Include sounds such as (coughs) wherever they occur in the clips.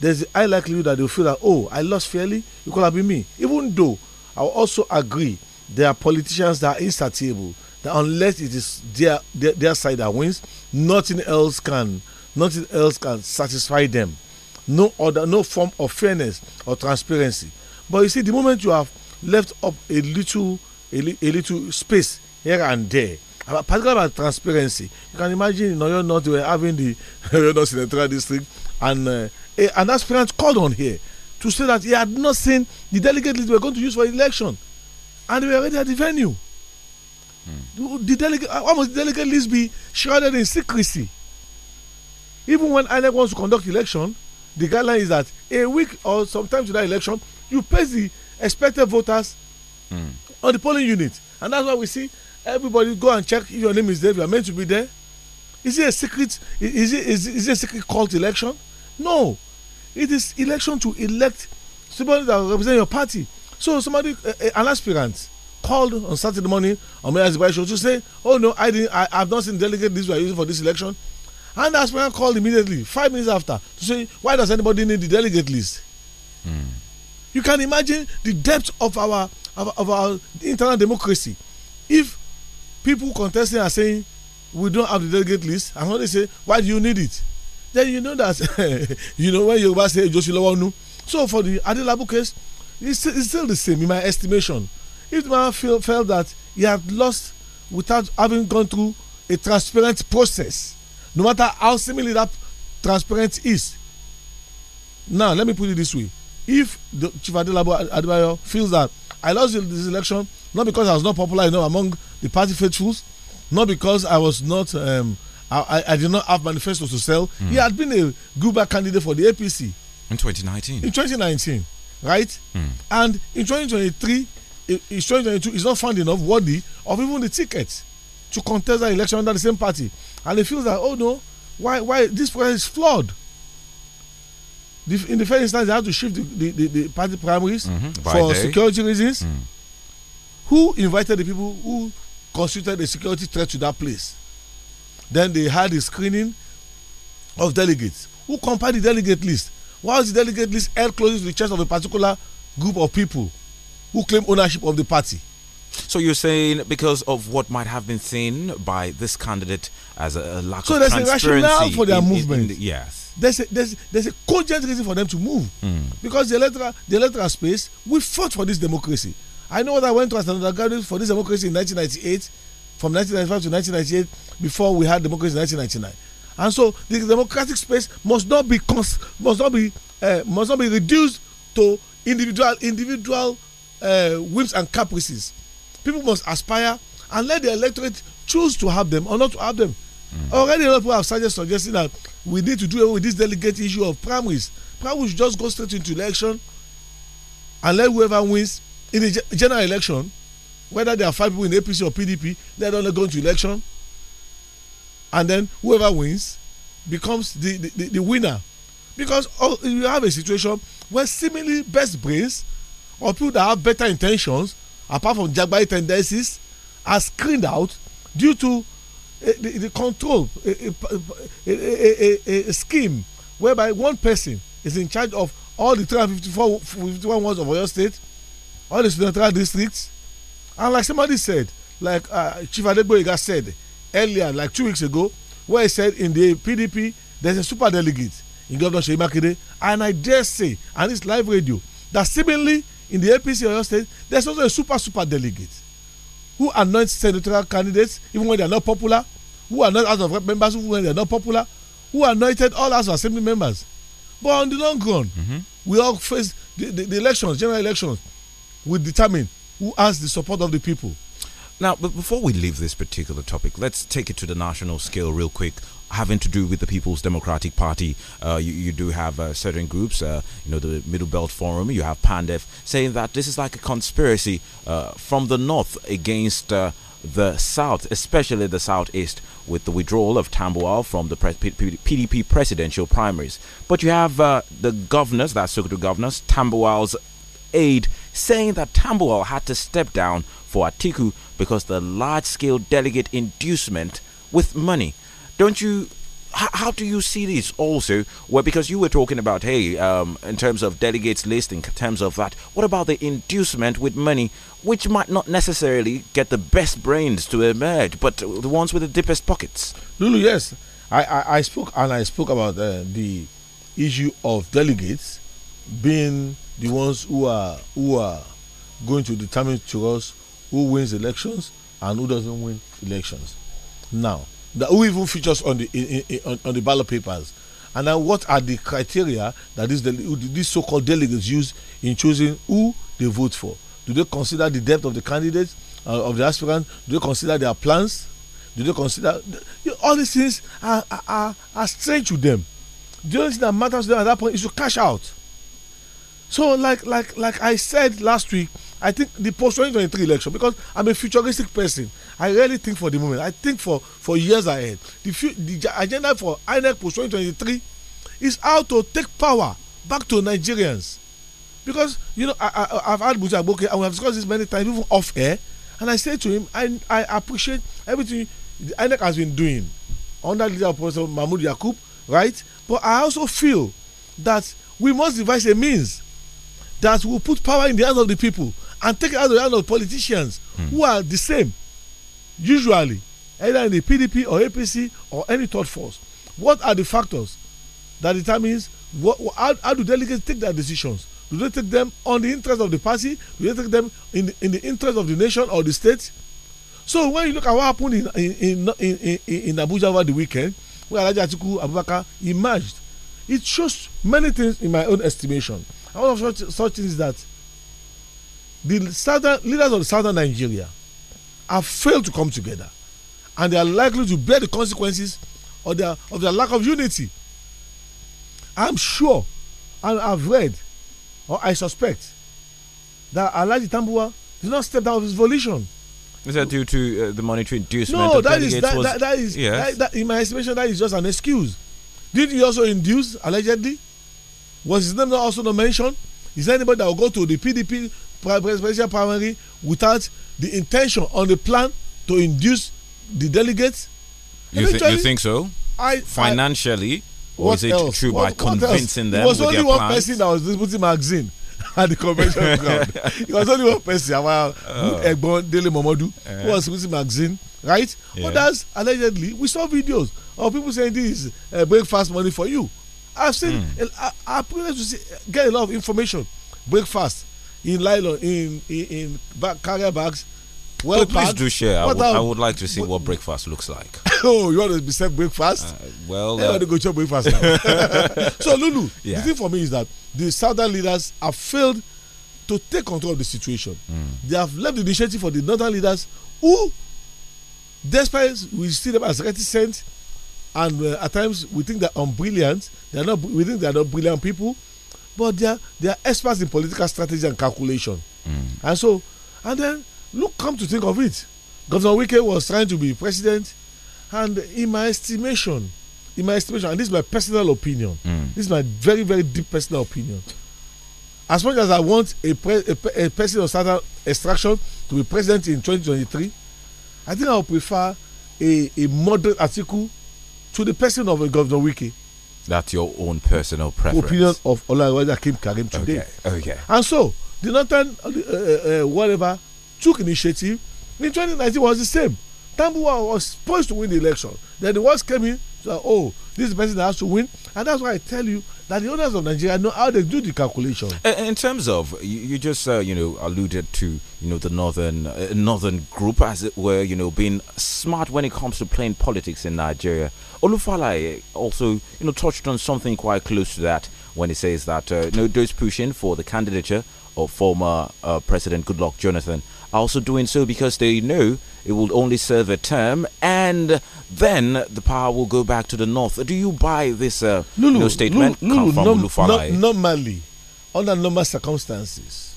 there's a high likelihood that they'll feel that, oh, I lost fairly, it could have been me. Even though I also agree there are politicians that are insatiable, that unless it is their, their, their side that wins, nothing else can nothing else can satisfy them. No other, no form of fairness or transparency. But you see, the moment you have left up a little, a, li a little space here and there, particularly about transparency, you can imagine you know, you're not having the (laughs) you're not senatorial district and uh, a, an aspirant called on here to say that he had not seen the delegate list we were going to use for election and we were already at the venue. Mm. The delegate, why must the delegate list be shrouded in secrecy? Even when INEC wants to conduct election, the guideline is that a week or sometimes to that election, you place the expected voters mm. on the polling unit. And that's why we see everybody go and check if your name is there, if you are meant to be there. Is it a secret? Is it, is it, is it a secret called election? No it is election to elect somebody that will represent your party so somebody uh, an aspirant called on saturday morning on mayor's advice to say oh no i didn't i have not seen delegate this we are using for this election and the aspirant called immediately five minutes after to say why does anybody need the delegate list mm. you can imagine the depth of our of, of our internal democracy if people contesting are saying we don't have the delegate list and when they say why do you need it then you know that (laughs) you know when Yoruba say Josilowonu. So for the Adelabu case, it's, it's still the same in my estimation. If the man feel, felt that he had lost without having gone through a transparent process, no matter how seemingly that transparent is. Now, let me put it this way. If the Chief Adelabu Adebayo feels that I lost this election not because I was not popular enough among the party faithfuls, not because I was not um, I, I, I did not have manifestos to sell. Mm. He hmm. had been a Guba candidate for the APC in 2019. In 2019, right? Mm. And in 2023, in 2022, he's not found enough worthy of even the ticket to contest that election under the same party, and he feels that oh no, why why this process is flawed. in the first instance, they have to shift the, the, the, the party primaries mm -hmm. for day. security reasons. Mm. Who invited the people who constituted a security threat to that place? Then they had a screening of delegates who compiled the delegate list. Why is the delegate list held close to the chest of a particular group of people who claim ownership of the party? So you're saying because of what might have been seen by this candidate as a, lack so of transparency. So there's a rationale for their in, movement. In the, yes. There's a, there's, there's a cogent reason for them to move. Mm. Because the electoral, the electoral space, we fought for this democracy. I know what I went to as an undergraduate for this democracy in 1998 from 1995 to 1998 before we had democracy in 1999 and so the democratic space must not be must not be uh, must not be reduced to individual individual uh, whims and caprices people must aspire and let the electorate choose to have them or not to have them mm. already a lot of people have started suggesting that we need to do away with this delegate issue of primaries primaries just go straight into election and let whoever wins in the general election whether there are five people in APC or PDP, they're not going to election. And then whoever wins becomes the, the, the, the winner. Because all, you have a situation where seemingly best brains or people that have better intentions, apart from Jagbai tendencies, are screened out due to a, the, the, control, a, a, a, scheme whereby one person is in charge of all the three hundred fifty four fifty one wards of Oyo State, all the senatorial districts, And like somebody said, like uh, Chief Adegboyega said earlier, like two weeks ago, where he said in the PDP there's a super delegate in Governor Sheyi Makinde, and I dare say, and it's live radio, that seemingly in the APC Oyo State there's also a super super delegate who anoints senatorial candidates even when they're not popular, who are not of of members even when they're not popular, who anointed all House of Assembly members. But on the long run, mm -hmm. we all face the, the, the elections, general elections, will determine who has the support of the people. Now, but before we leave this particular topic, let's take it to the national scale real quick. Having to do with the People's Democratic Party, uh, you, you, do have uh, certain groups, uh, you know, the Middle Belt Forum, you have Pandef, saying that this is like a conspiracy uh, from the North against uh, the South, especially the Southeast, with the withdrawal of Tambuwal from the pre PDP presidential primaries. But you have uh, the governors, that's Sokoto governors, Tambuwal's aide saying that Tambuwal had to step down for Atiku because the large scale delegate inducement with money. Don't you? How, how do you see this also? Well, because you were talking about, hey, um, in terms of delegates list, in terms of that, what about the inducement with money, which might not necessarily get the best brains to emerge, but the ones with the deepest pockets? Lulu, yes. I, I, I spoke and I spoke about uh, the issue of delegates being the ones who are who are going to determine to us who wins elections and who doesn't win elections. Now, the, who even features on the in, in, on, on, the ballot papers, and then what are the criteria that these these so-called delegates use in choosing who they vote for? Do they consider the depth of the candidates uh, of the aspirant? Do they consider their plans? Do they consider all these things are, are, are strange to them? The only thing that matters to them at that point is to cash out so, like, like, like I said last week, I think the post 2023 election because I'm a futuristic person. I really think for the moment. I think for for years ahead. The, the agenda for INEC post 2023 is how to take power back to Nigerians, because you know I, I have had Buja Agboke and we have discussed this many times even off air, and I said to him I I appreciate everything the INEC has been doing under the leader of Professor Mahmoud Yakub, right? But I also feel that we must devise a means that will put power in the hands of the people and take it out of the hands of politicians mm. who are the same, usually, either in the PDP or APC or any third force. What are the factors that determines what, how, how do delegates take their decisions? Do they take them on the interest of the party? Do they take them in the, in the interest of the nation or the state? So when you look at what happened in in in, in, in Abuja over the weekend, where Alhaji Atiku Abubakar emerged, it shows many things in my own estimation all of such, such things that the southern leaders of southern Nigeria have failed to come together and they are likely to bear the consequences of their of their lack of unity. I'm sure and I've read or I suspect that Alaji Tambua did not step out of his volition. Is that due to uh, the monetary inducement? No, that is that, was, that, that is yes. that, in my estimation that is just an excuse. Did he also induce allegedly? Was his name also not mentioned? Is there anybody that will go to the PDP presidential primary without the intention on the plan to induce the delegates? You, th you think so? I, Financially, I, was it else? true what, by convincing them? It was only one person that was distributing magazine (laughs) at the convention (laughs) ground. It was only one person, our good Egbon Dele Momodu, who was distributing magazine, right? Yeah. Others, allegedly, we saw videos of people saying this is uh, breakfast money for you. I've seen. Mm. I, am privileged to see, get a lot of information. Breakfast in nylon in in, in bag, carrier bags. Well, but please do share. I would, I would, like to see what, what breakfast looks like. (laughs) oh, you want to be served breakfast? Uh, well, uh, to go to breakfast now. (laughs) so, Lulu, yeah. the thing for me is that the southern leaders have failed to take control of the situation. Mm. They have left the initiative for the northern leaders who, despite we see them as reticent. cents, and uh, at times we think that i brilliant. They're not. We think they're not brilliant people, but they're they're experts in political strategy and calculation. Mm. And so, and then look, come to think of it, Governor Wike was trying to be president, and in my estimation, in my estimation, and this is my personal opinion. Mm. This is my very very deep personal opinion. As much as I want a, a, a person of certain extraction to be president in 2023, I think I would prefer a, a moderate article to the person of uh, Governor Wiki. That's your own personal preference. Opinion of Olawale Akim Karim today. Okay. okay. And so the northern uh, uh, uh, uh, whatever took initiative. In 2019 was the same. Tambuwa was supposed to win the election. Then the words came in. So, oh, this person has to win, and that's why I tell you that the owners of Nigeria know how they do the calculation. In terms of you, you just uh, you know alluded to you know the northern uh, northern group as it were you know being smart when it comes to playing politics in Nigeria. Olufala also you know touched on something quite close to that when he says that uh, you know those pushing for the candidature of former uh, President Goodluck Jonathan also doing so because they know it will only serve a term and then the power will go back to the north. Do you buy this uh, no, no, statement no, no, no, no, no, normally, under normal circumstances,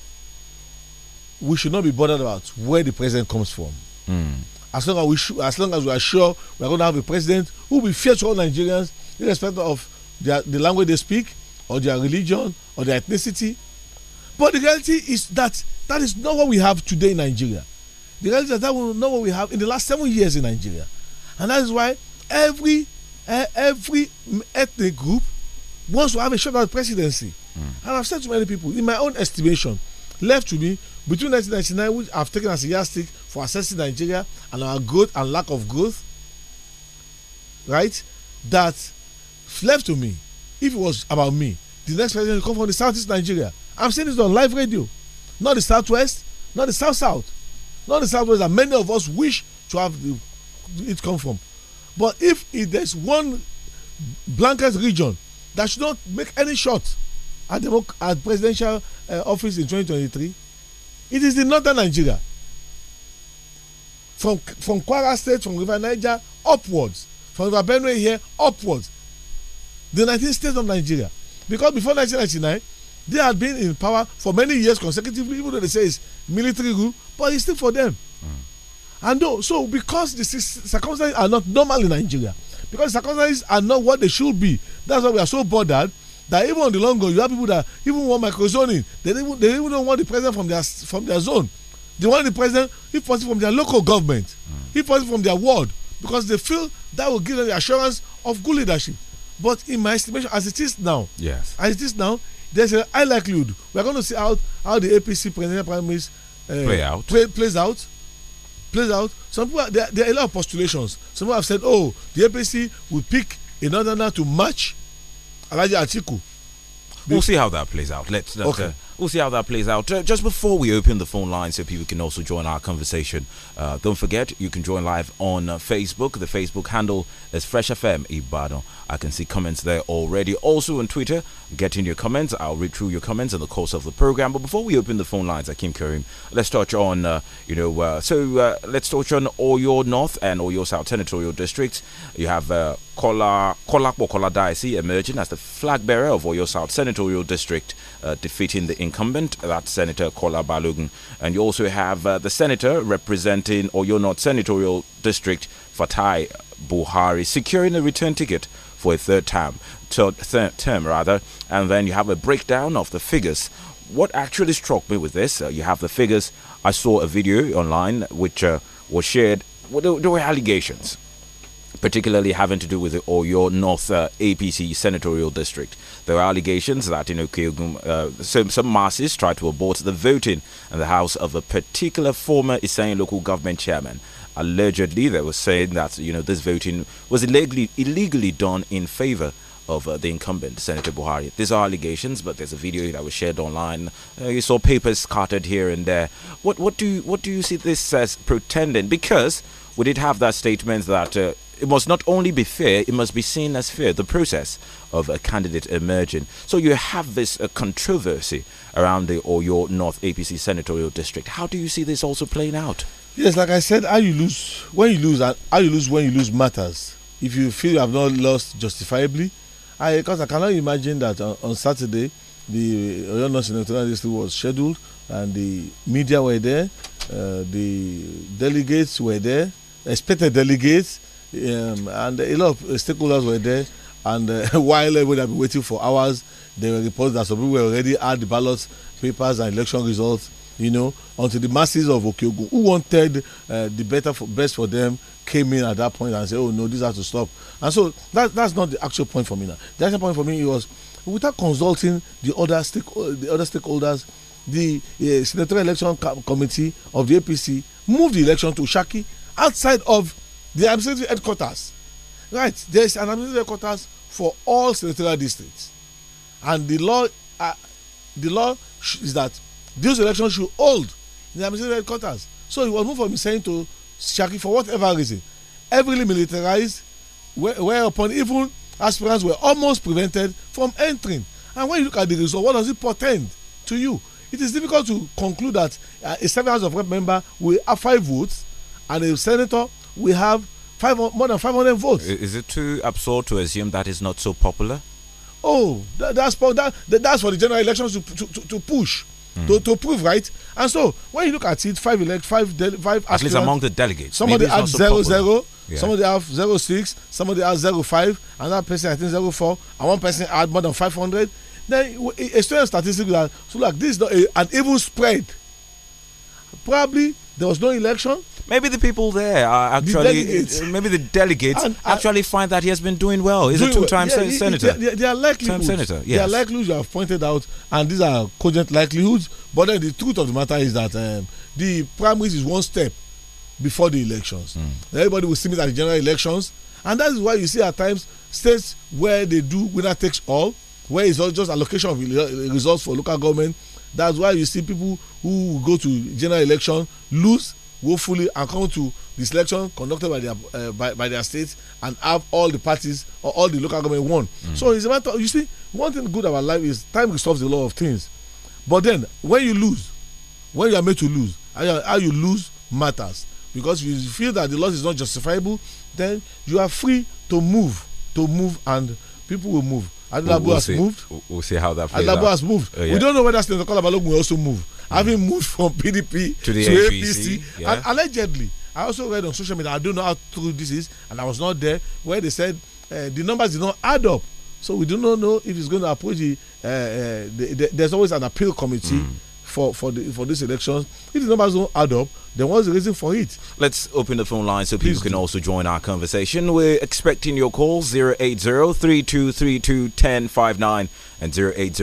we should not be bothered about where the president comes from. Mm. As, long as, we as long as we are sure we are going to have a president who will be fair to all Nigerians, irrespective of their, the language they speak, or their religion, or their ethnicity. But the reality is that that is not what we have today in Nigeria. The reality is that we know what we have in the last seven years in Nigeria. And that is why every uh, every ethnic group wants to have a shot at presidency. Mm. And I've said to many people, in my own estimation, left to me, between 1999, which I've taken as a yardstick for assessing Nigeria and our growth and lack of growth, right? That left to me, if it was about me, the next president will come from the southeast Nigeria. I'm saying this on live radio. not the southwest not the south south not the southwest that many of us wish to have the, it come from but if, if there's one blanket region that should not make any shot at, the at presidential uh, office in 2023 it is the northern nigeria from from kwara state from river niger upwards from river benue here upwards the 19 states of nigeria because before 1999 They had been in power for many years consecutively, even though they say it's military rule, but it's still for them. Mm. And though, so because the circumstances are not normal in Nigeria, because circumstances are not what they should be, that's why we are so bothered that even on the long run, you have people that even want microzoning. They even they even don't want the president from their from their zone. They want the president, if possible, from their local government, mm. if possible, from their ward, because they feel that will give them the assurance of good leadership. But in my estimation, as it is now, yes, as it is now, there's a high likelihood we're going to see how how the APC presidential primaries uh, play out play, plays out plays out. Some people are, there, there, are a lot of postulations. Some people have said, oh, the APC will pick another now to match Elijah Atiku. We'll see how that plays out. Let's, let's okay. Uh, we'll see how that plays out. Uh, just before we open the phone line so people can also join our conversation, uh, don't forget you can join live on uh, Facebook. The Facebook handle is Fresh FM Ibadan. I can see comments there already. Also on Twitter, get in your comments. I'll read through your comments in the course of the program. But before we open the phone lines, Akim Karim, let's touch on, uh, you know, uh, so uh, let's touch on all your North and all your South Territorial districts. You have uh, Kola Kolakbo Kola Daisy emerging as the flag bearer of all your South Senatorial District, defeating the incumbent, that's Senator Kola Balogun. And you also have uh, the senator representing Oyo North Senatorial District, Fatai Buhari, securing a return ticket for a third term, third term rather. And then you have a breakdown of the figures. What actually struck me with this, uh, you have the figures. I saw a video online which uh, was shared. There were allegations particularly having to do with the Oyo North uh, APC senatorial district. There are allegations that in Okeogun, uh, some, some masses tried to abort the voting in the house of a particular former Isayan local government chairman allegedly they were saying that you know this voting was illegally illegally done in favor of uh, the incumbent senator buhari these are allegations but there's a video that was shared online uh, you saw papers scattered here and there what what do you what do you see this as pretending because we did have that statement that uh, it must not only be fair, it must be seen as fair, the process of a candidate emerging. So you have this uh, controversy around the North APC senatorial district. How do you see this also playing out? Yes, like I said, how you lose when you lose, how you lose when you lose matters. If you feel you have not lost justifiably, I because I cannot imagine that on, on Saturday the Oyo North senatorial district was scheduled and the media were there, uh, the delegates were there, expected delegates um, and a lot of stakeholders were there. And uh, (laughs) while everyone had been waiting for hours, there were reports that some people were already had the ballot papers and election results. You know, until the masses of Okyogun who wanted uh, the better for, best for them came in at that point and said, "Oh no, this has to stop." And so that that's not the actual point for me now. The actual point for me was without consulting the other stake uh, the other stakeholders, the uh, senatorial election committee of the APC moved the election to Shaki outside of the administrative headquarters right there is an administrative headquarters for all senatorial districts and the law uh, the law is that those elections should hold in the administrative headquarters so he was moved from Iseyin to Shaki for whatever reason heavily militarized whereupon even aspirants were almost prevented from entering and when you look at the result what does it portend to you it is difficult to conclude that uh, a seven house of rep member will have five votes and a uh, senator we have five more than 500 votes. Is it too absurd to assume that is not so popular? Oh, that, that's that, that's for the general elections to to, to push. Mm. To, to prove right, and so when you look at it, five elect, five five. At least among the delegates, somebody have so zero popular. zero, yeah. somebody have zero six, somebody have zero five, another person I think zero four, and one person had more than five hundred. Then a student statistic that so like this is not a, an even spread. Probably there was no election Maybe the people there are actually, the uh, maybe the delegates and, and actually find that he has been doing well. He's doing a two-time well. yeah, sen senator. They, they are likelihoods. Senator, yes. They are likelihoods you have pointed out, and these are cogent likelihoods. But then the truth of the matter is that um, the primaries is one step before the elections. Mm. Everybody will see me at the general elections, and that is why you see at times states where they do winner takes all, where it's all just allocation of uh, results for local government. That's why you see people who go to general election lose woefully account to the selection conducted by their uh, by, by their state and have all the parties or all the local government won. Mm. So it's a matter. You see, one thing good about life is time resolves a lot of things, but then when you lose, when you are made to lose, how you, how you lose matters because if you feel that the loss is not justifiable, then you are free to move, to move, and people will move. Adelabu we'll has see, moved. We'll see how that. plays out. Adelabu has moved. Uh, yeah. We don't know whether Senator Kalabalogun will also move having moved from PDP (laughs) to, the to APC, APC yeah. and allegedly. I also read on social media. I don't know how true this is, and I was not there where they said uh, the numbers did not add up. So we do not know if it's going to approach the, uh, uh, the, the There's always an appeal committee mm. for for the for these elections. If the numbers don't add up, then what's the reason for it? Let's open the phone line so Please people can do. also join our conversation. We're expecting your calls 080 3232 1059 and 080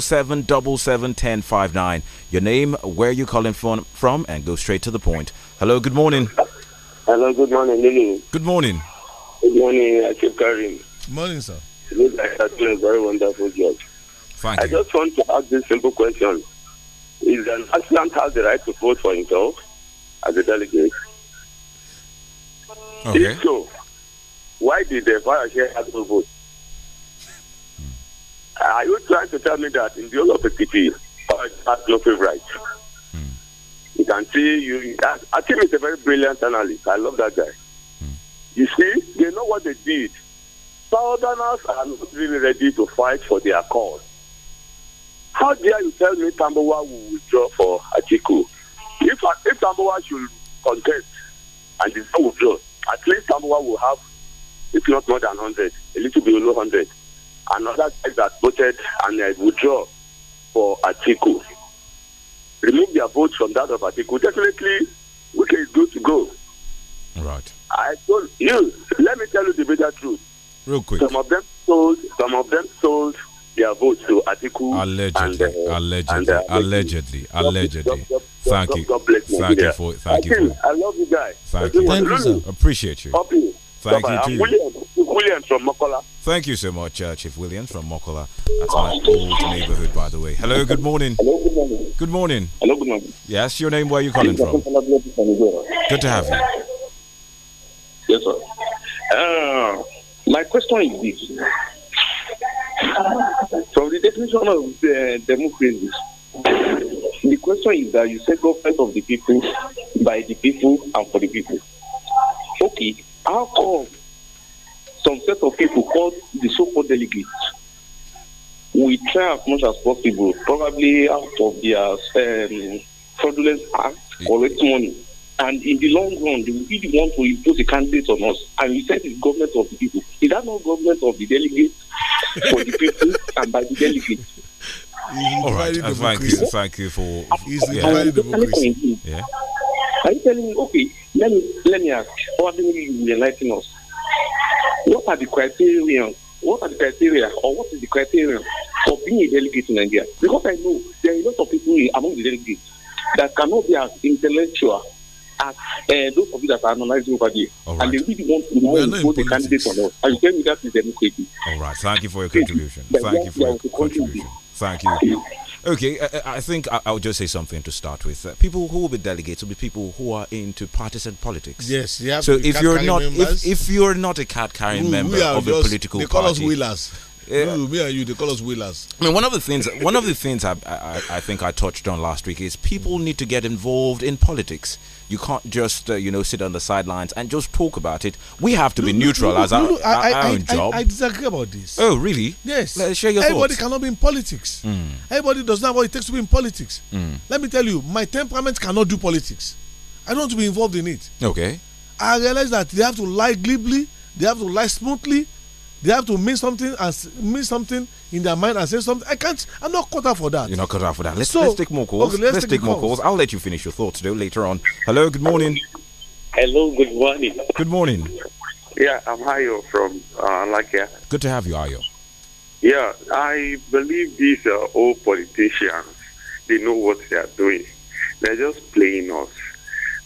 777 1059. Your name, where you calling from, from, and go straight to the point. Hello, good morning. Hello, good morning, Lily. Good morning. Good morning, Akib uh, Karim. Good morning, sir. You are doing a very wonderful job. Thank I you. just want to ask this simple question. Is an African has the right to vote for himself? as a delegate. Okay. If so, why did the fire have no vote? Hmm. Are you trying to tell me that in the whole of the city, has no favorite? Mm. You can see, you. I, I think it's a very brilliant analyst. I love that guy. Hmm. You see, they know what they did. Southerners are not really ready to fight for their cause. How dare you tell me Tambowa will withdraw for Atiku? If, if Tambowa should contest and is not at least Tambowa will have, if not more than 100, a little below 100. Another guy that voted and uh, withdraw for Atiku. Remove their votes from that of Atiku. Definitely, we can go to go. Right. I told you, let me tell you the bitter truth. Real quick. Some of them sold, some of them sold their votes to Atiku. Allegedly, and, uh, allegedly, and, uh, allegedly, allegedly. allegedly. Thank God, you. God bless you. Thank you for it. Thank, thank you. I love you guys. Thank, thank you. Thank you, sir. Appreciate you. Up you. Thank Bye -bye. you, William, William from Mokola. Thank you so much, uh, Chief William from Mokola. That's my old neighborhood, by the way. Hello, good morning. Hello, good morning. Good morning. Hello, good morning. Yes, your name, where are you calling from? Good to have you. Yes, sir. Uh, my question is this. From the definition of uh, democracy, the question is that you say government of the people, by the people, and for the people. Okay, how come some set of people called the so-called delegates we try as much as possible, probably out of their um, fraudulent act, collect money. And in the long run, they will be the to impose a candidate on us. And you said it's government of the people. Is that not government of the delegates, for the people, and by the delegates? All right. Uh, thank you. Thank you for. He's yeah. democracy. Yeah. Are you telling me? Okay. Let me let me ask. What let me enlighten us. What are the criteria? What are the criteria, or what is the criteria for being a delegate in Nigeria? Because I know there are a lot of people among the delegates that cannot be as intellectual as uh, those of you that are analyzing over there. Right. And they really want to know who the candidates or not. Are you telling me that is democracy. All right. Thank you for your contribution. Thank you for your contribution. Thank you. Okay, I, uh, uh, I think I, will just say something to start with. Uh, people who will be delegates will be people who are into partisan politics. Yes, yeah. So if you're not if, if, you're not a card carrying member of just, a political they call party, us wheelers. Yeah. me and you, they call us wheelers. I mean, one of the things one of the things I, I I think I touched on last week is people need to get involved in politics. You can't just uh, you know sit on the sidelines and just talk about it. We have to look, be neutral look, look, as our, I, our own I, job. I, disagree about this. Oh, really? Yes. Let's share your Everybody thoughts. cannot be in politics. Mm. Everybody does not know what it takes to be in politics. Mm. Let me tell you, my temperament cannot do politics. I don't want to be involved in it. Okay. I realize that they have to lie glibly, they have to lie smoothly, they have to mean something as mean something in their mind and say something. I can't. I'm not cut out for that. You're not cut out for that. Let's, so, let's take more calls. Okay, let's, let's, take, take more calls. calls. I'll let you finish your thoughts though later on. Hello. Good morning. Hello. Good morning. Good morning. Yeah, I'm Ayo from uh, Lakia. Good to have you, Ayo. Yeah, I believe these are uh, all politicians. They know what they are doing. They're just playing us.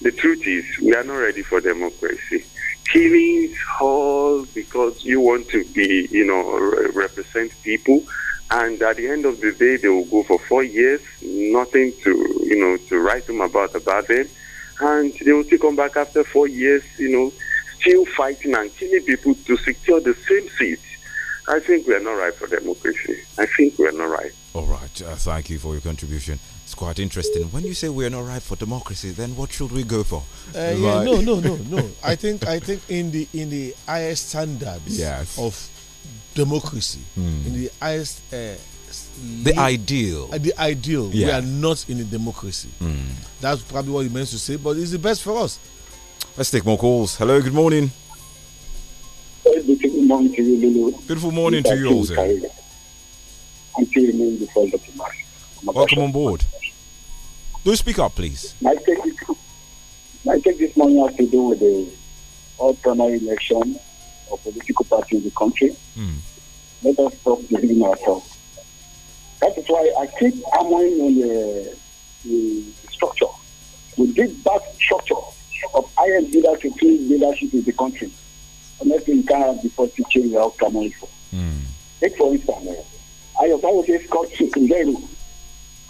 The truth is, we are not ready for democracy healing hall because you want to be, you know, re- represent people. And at the end of the day, they will go for four years, nothing to, you know, to write them about about them. And they will still come back after four years, you know, still fighting and killing people to secure the same seat. I think we are not right for democracy. I think we are not right. All right. Uh, thank you for your contribution. It's quite interesting. When you say we are not ripe for democracy, then what should we go for? Uh, right. yeah, no, no, no, no. I think I think in the in the highest standards yes. of democracy, mm. in the highest uh, the ideal, uh, the ideal, yeah. we are not in a democracy. Mm. That's probably what he meant to say, but it's the best for us. Let's take more calls. Hello, good morning. Beautiful morning to you, Lulu. Beautiful morning to you also. Welcome on board. Do speak up, please. I take this morning has to do with the all primary election of political party in the country. Mm. Let us stop deceiving ourselves. That is why I keep hammering on the, the structure. We did back structure of highest leadership to leadership in the country. Nothing can have the party change the outcome also. Mm. Take for instance, I have always called Sikinderu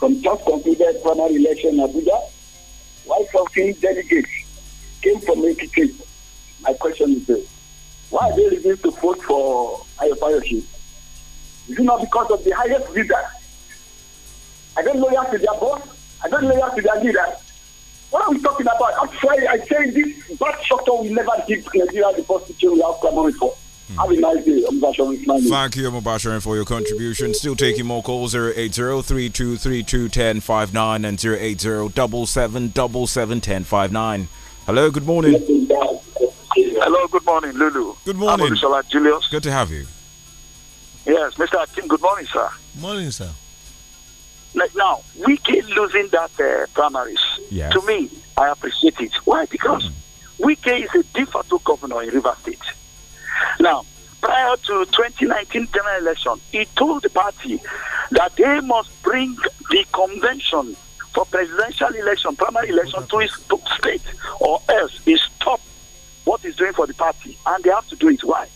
from just concluded primary election in Abuja, why 14 delegates came from Ekiti? My question is this. Why are they refusing to vote for Ayopayoshi? Is it not because of the highest leader? I don't loyal to their boss. I don't loyal to their leader. What are we talking about? That's why I say this bad structure will never give Nigeria the constitution we have clamoring for. Have a nice day. I'm Basharin. Thank you, Mubasharin, for your contribution. Still taking more calls 080-3232-1059 and 080-777-1059. Hello, good morning. Hello, good morning, Lulu. Good morning. I'm Julius. Good to have you. Yes, Mr. Akim, good morning, sir. Morning, sir. Like now, we keep losing that uh, primaries. Yes. To me, I appreciate it. Why? Because mm. Wike is a different governor in River State. Now, prior to 2019 general election, he told the party that they must bring the convention for presidential election, primary election to his state, or else he stop what he's doing for the party, and they have to do it. Why?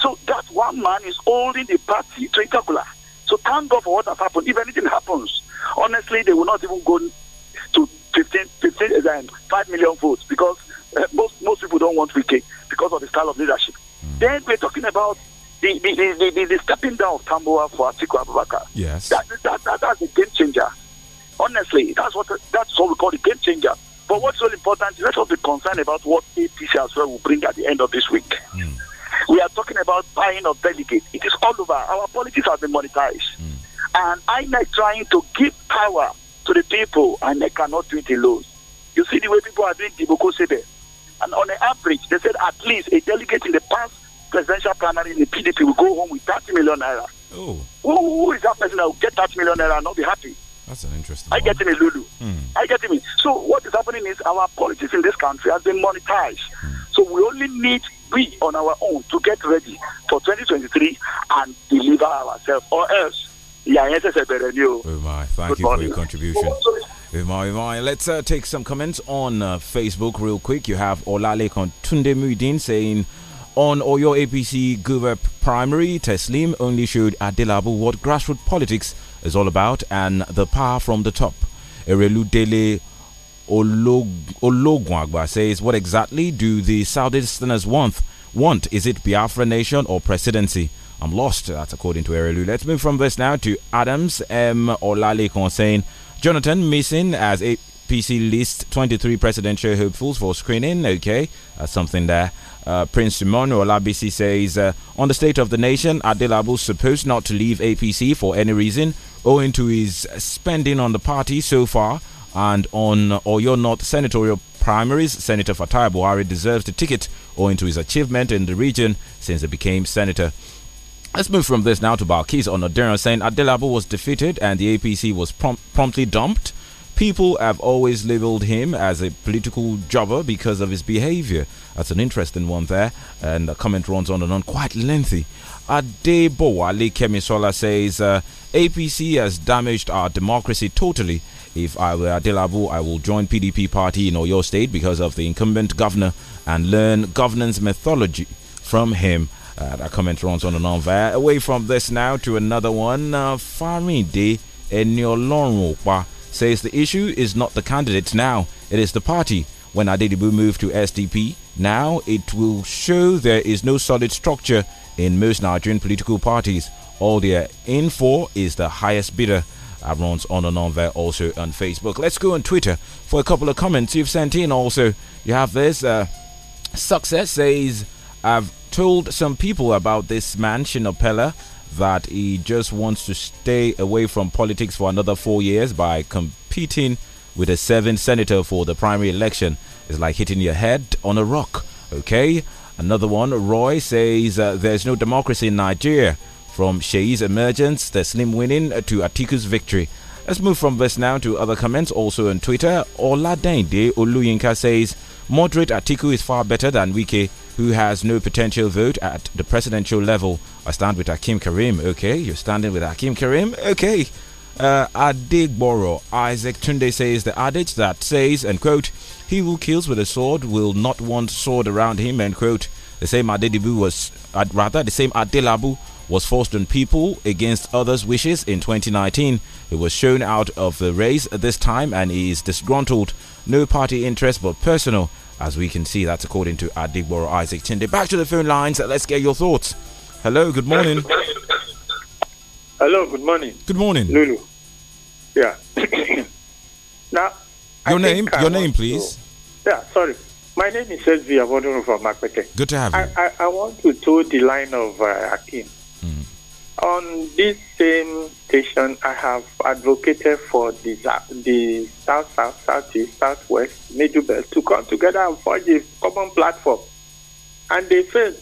So that one man is holding the party to Itakula. So thank God for what has happened. If anything happens, honestly, they will not even go to 15, 15 um, 5 million votes because uh, most, most people don't want Wiki because of the style of leadership. Then we're talking about the, the, the, the, the stepping down of Tambua for Atiku Abubakar. Yes. That, that, that, that's a game changer. Honestly, that's what that's what we call the game changer. But what's really important is let us be concerned about what APC as well will bring at the end of this week. Mm. We are talking about buying of delegates. It is all over. Our politics have been monetized. Mm. And I'm not trying to give power to the people, and they cannot do it alone. You see the way people are doing Diboko Sebe. And on the average, they said at least a delegate in the past presidential primary in the PDP will go home with 30 million naira. Oh. Who, who is that person that will get 30 million naira and not be happy? That's an interesting. I one. get him in Lulu. Hmm. I get him So what is happening is our politics in this country has been monetized. Hmm. So we only need we on our own to get ready for 2023 and deliver ourselves, or else ìyá ṣẹ̀ṣẹ̀ bẹ̀rẹ̀ ni o. Umar, thank you for your contribution. Umar, Umar, let's uh, take some comments on uh, Facebook real quick. You have Olalekan Tunde Muidin saying, on Oyo APC Guvup primary, Teslim only showed Adelabu what grassroots politics is all about and the power from the top. Erelu Dele Ologwagba says, What exactly do the Southeasterners want? Want is it Biafra nation or presidency? I'm lost. That's according to Erelu. Let's move from this now to Adams M. Olalekan saying, Jonathan missing as APC list 23 presidential hopefuls for screening. Okay, that's something there. Uh, Prince Simon Olabisi says, uh, on the state of the nation, Adelabu's supposed not to leave APC for any reason owing to his spending on the party so far and on Oyo North senatorial primaries, Senator Fatai Buhari deserves the ticket owing to his achievement in the region since he became senator. Let's move from this now to Balkis Onodiran saying Adelabu was defeated and the APC was promptly dumped. People have always labeled him as a political jobber because of his behavior. That's an interesting one there, and the comment runs on and on, quite lengthy. Adebowale Kemisola says uh, APC has damaged our democracy totally. If I were Adelabu, I will join PDP party in Oyo State because of the incumbent governor and learn governance methodology from him uh, that comment runs on and on there. Away from this now to another one. Uh, Day Eniolonwopa says the issue is not the candidates now, it is the party. When Adedibu moved to SDP, now it will show there is no solid structure in most Nigerian political parties. All they are in for is the highest bidder. That runs on and on there also on Facebook. Let's go on Twitter for a couple of comments you've sent in also. You have this. Uh, Success says, I've told some people about this man, Shinopella, that he just wants to stay away from politics for another four years by competing with a seven senator for the primary election. It's like hitting your head on a rock, okay? Another one, Roy says uh, there's no democracy in Nigeria. From Shei's emergence, the slim winning, to Atiku's victory. Let's move from this now to other comments also on Twitter. Oladende Oluyinka says, Moderate Atiku is far better than Wike, who has no potential vote at the presidential level. I stand with Akim Karim. Okay, you're standing with Akim Karim. Okay. Uh, Adigboro Isaac Tunde says the adage that says, and quote, he who kills with a sword will not want sword around him, end quote. The same Adedibu was, uh, rather, the same Adelabu was forced on people against others' wishes in 2019. He was shown out of the race this time and he is disgruntled. No party interest but personal. As we can see, that's according to Adigboro Isaac Tinde. Back to the phone lines. Let's get your thoughts. Hello, good morning. Hello, good morning. Good morning. Lulu. Yeah. (coughs) now, your I name, your name, please. To, yeah, sorry. My name is Sylvia Wondering from Makpete. Good to have you. I, I, I, want to toe the line of uh, Akim. Mm. On this same station, I have advocated for the, the South, South, Southeast, Southwest, Middle Belt to come together and forge a common platform. And they failed.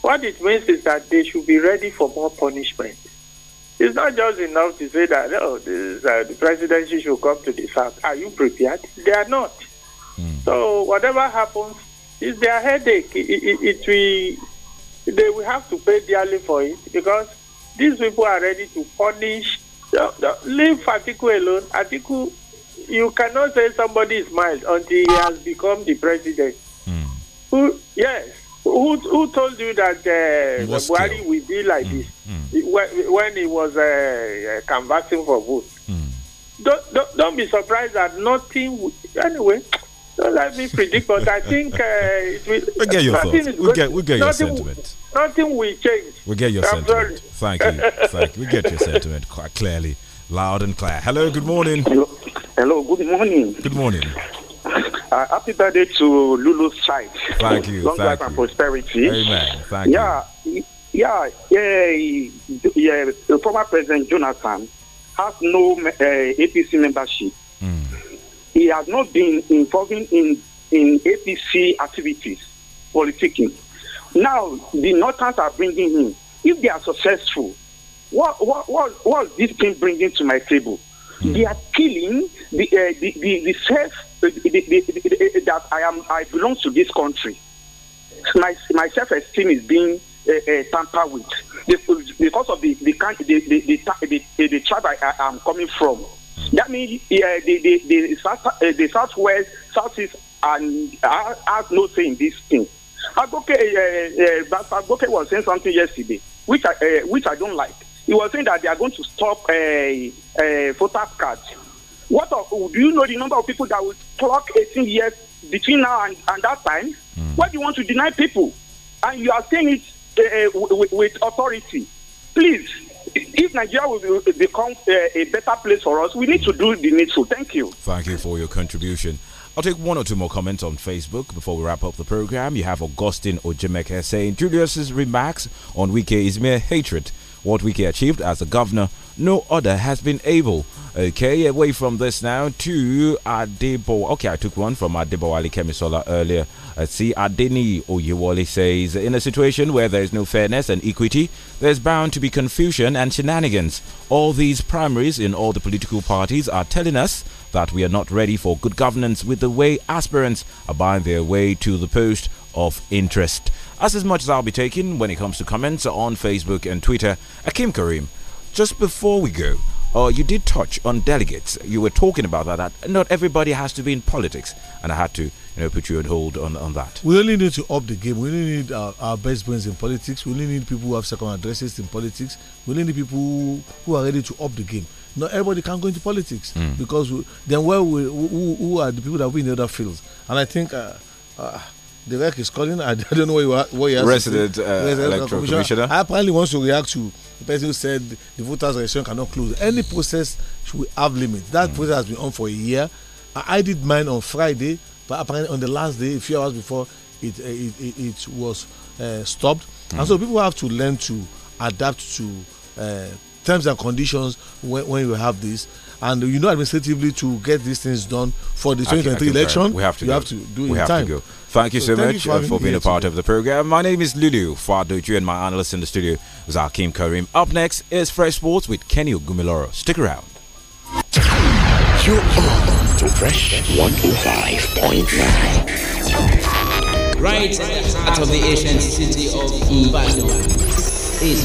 What it means is that they should be ready for more punishment. It's not just enough to say that, oh, uh, the presidency should come to the South. Are you prepared? They are not. Hmm. So whatever happens, is their headache. It, it, it, they will have to pay dearly for it because these people are ready to punish. leave Atiku alone. Atiku, you cannot say somebody is mild until he has become the president. Mm. Who, yes. Who, who told you that uh, Buhari will be like mm. this mm. when he was uh, uh canvassing for votes? Hmm. Don't, don't, don't be surprised that nothing. Would, anyway, don't let me predict, but I think uh, it will. We get your thoughts. We get, we get your sentiment. Nothing will change. We get your I'm sentiment. Sorry. Thank you. Thank you. We get your sentiment quite clearly, loud and clear. Hello, good morning. Hello, Hello good morning. Good morning. Uh, happy birthday to Lulu's side. Thank you. Long life and prosperity. Amen. Thank yeah, you. Yeah, yeah, yeah. Former President Jonathan has no uh, APC membership. Mm. He has not been involving in in APC activities, politicking. Now the Northerns are bringing in. If they are successful, what what what what is this thing bringing to my table? mm They are killing the uh, the, the, the self the, the, that I am I belong to this country. My my self esteem is being uh, tampered with because of the the the the, the, tribe I, I, am coming from. That means the the the, south, the southwest southeast and has no say in this thing. Agoke, uh, uh, Agoke was saying something yesterday, which I, uh, which I don't like. He was saying that they are going to stop a photo cards. What are, do you know the number of people that will clock 18 years between now and, and that time? Mm. What do you want to deny people? And you are saying it with, with authority. Please, if Nigeria will become a better place for us, we need to do the needful. Thank you. Thank you for your contribution. I'll take one or two more comments on Facebook before we wrap up the program. You have Augustine Ojemeke saying Julius's remarks on Wike is mere hatred. What Wike achieved as a governor, no other has been able. Okay, away from this now to Adebo. Okay, I took one from Adebo Ali Kemisola earlier. I see, Adini Oyewole says In a situation where there is no fairness and equity, there's bound to be confusion and shenanigans. All these primaries in all the political parties are telling us that we are not ready for good governance with the way aspirants are buying their way to the post of interest. as much as I'll be taking when it comes to comments on Facebook and Twitter. Akim Karim, just before we go, uh, you did touch on delegates. You were talking about that, that not everybody has to be in politics, and I had to you know, put you on hold on, on that. We only need to up the game. We only need our, our, best brains in politics. We only need people who have second addresses in politics. We only need people who are ready to up the game not everybody can go into politics mm. because we, then where we, who, who, are the people that win in other fields? And I think uh, uh, the rec is calling. (laughs) I don't know what you are. What you Resident, uh, Resident commissioner. commissioner. I apparently wants to react to the person who said the voters' election cannot close. Any process should have limits. That mm. process has been on for a year. I, I did mine on Friday, but apparently on the last day, a few hours before, it uh, it, it, it was uh, stopped. Mm. And hmm. so people have to learn to adapt to uh, terms and conditions when, when you have this and you know administratively to get these things done for the 2023 election we have to you go. have to do we have time. to go thank you so, so thank much you for, for being a part of the program my name is lulu fadoju and my analyst in the studio is akim karim up next is fresh sports with kenny ogumiloro stick around you're on fresh 105.9 right out of the ancient city of ibadan is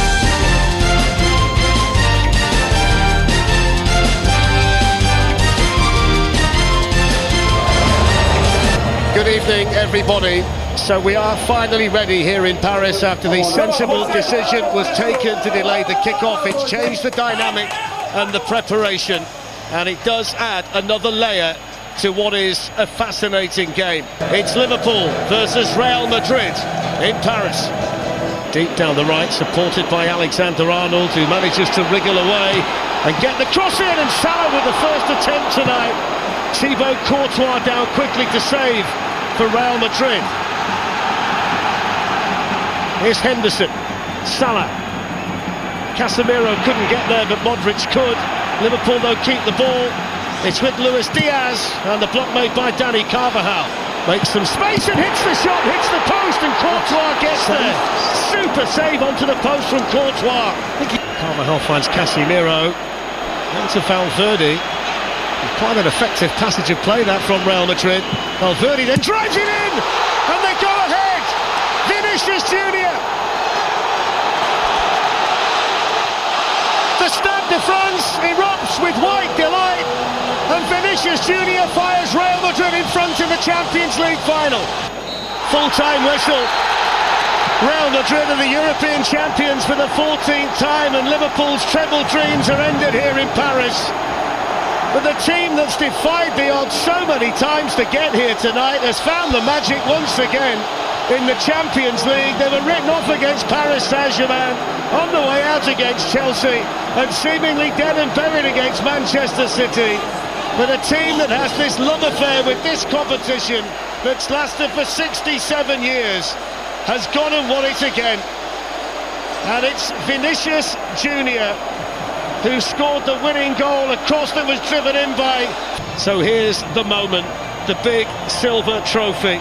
Good evening, everybody. So we are finally ready here in Paris after the sensible decision was taken to delay the kickoff. It's changed the dynamic and the preparation, and it does add another layer to what is a fascinating game. It's Liverpool versus Real Madrid in Paris. Deep down the right, supported by Alexander Arnold, who manages to wriggle away and get the cross in, and Salah with the first attempt tonight. Thibaut Courtois down quickly to save for Real Madrid. Here's Henderson, Salah. Casemiro couldn't get there, but Modric could. Liverpool, though, keep the ball. It's with Luis Diaz, and the block made by Danny Carvajal. Makes some space and hits the shot, hits the post, and Courtois gets there. Super save onto the post from Courtois. Carvajal finds Casemiro. Into 30. Quite an effective passage of play that from Real Madrid. Valverde then drives it in, and they go ahead. Vinicius Junior. The Stade de France erupts with white delight, and Vinicius Junior fires Real Madrid in front in the Champions League final. Full-time whistle. Real Madrid are the European champions for the 14th time and Liverpool's treble dreams are ended here in Paris. But the team that's defied the odds so many times to get here tonight has found the magic once again in the Champions League. They were written off against Paris Saint-Germain, on the way out against Chelsea, and seemingly dead and buried against Manchester City. But a team that has this love affair with this competition that's lasted for 67 years has gone and won it again. And it's Vinicius Junior who scored the winning goal, across that was driven in by. So here's the moment, the big silver trophy.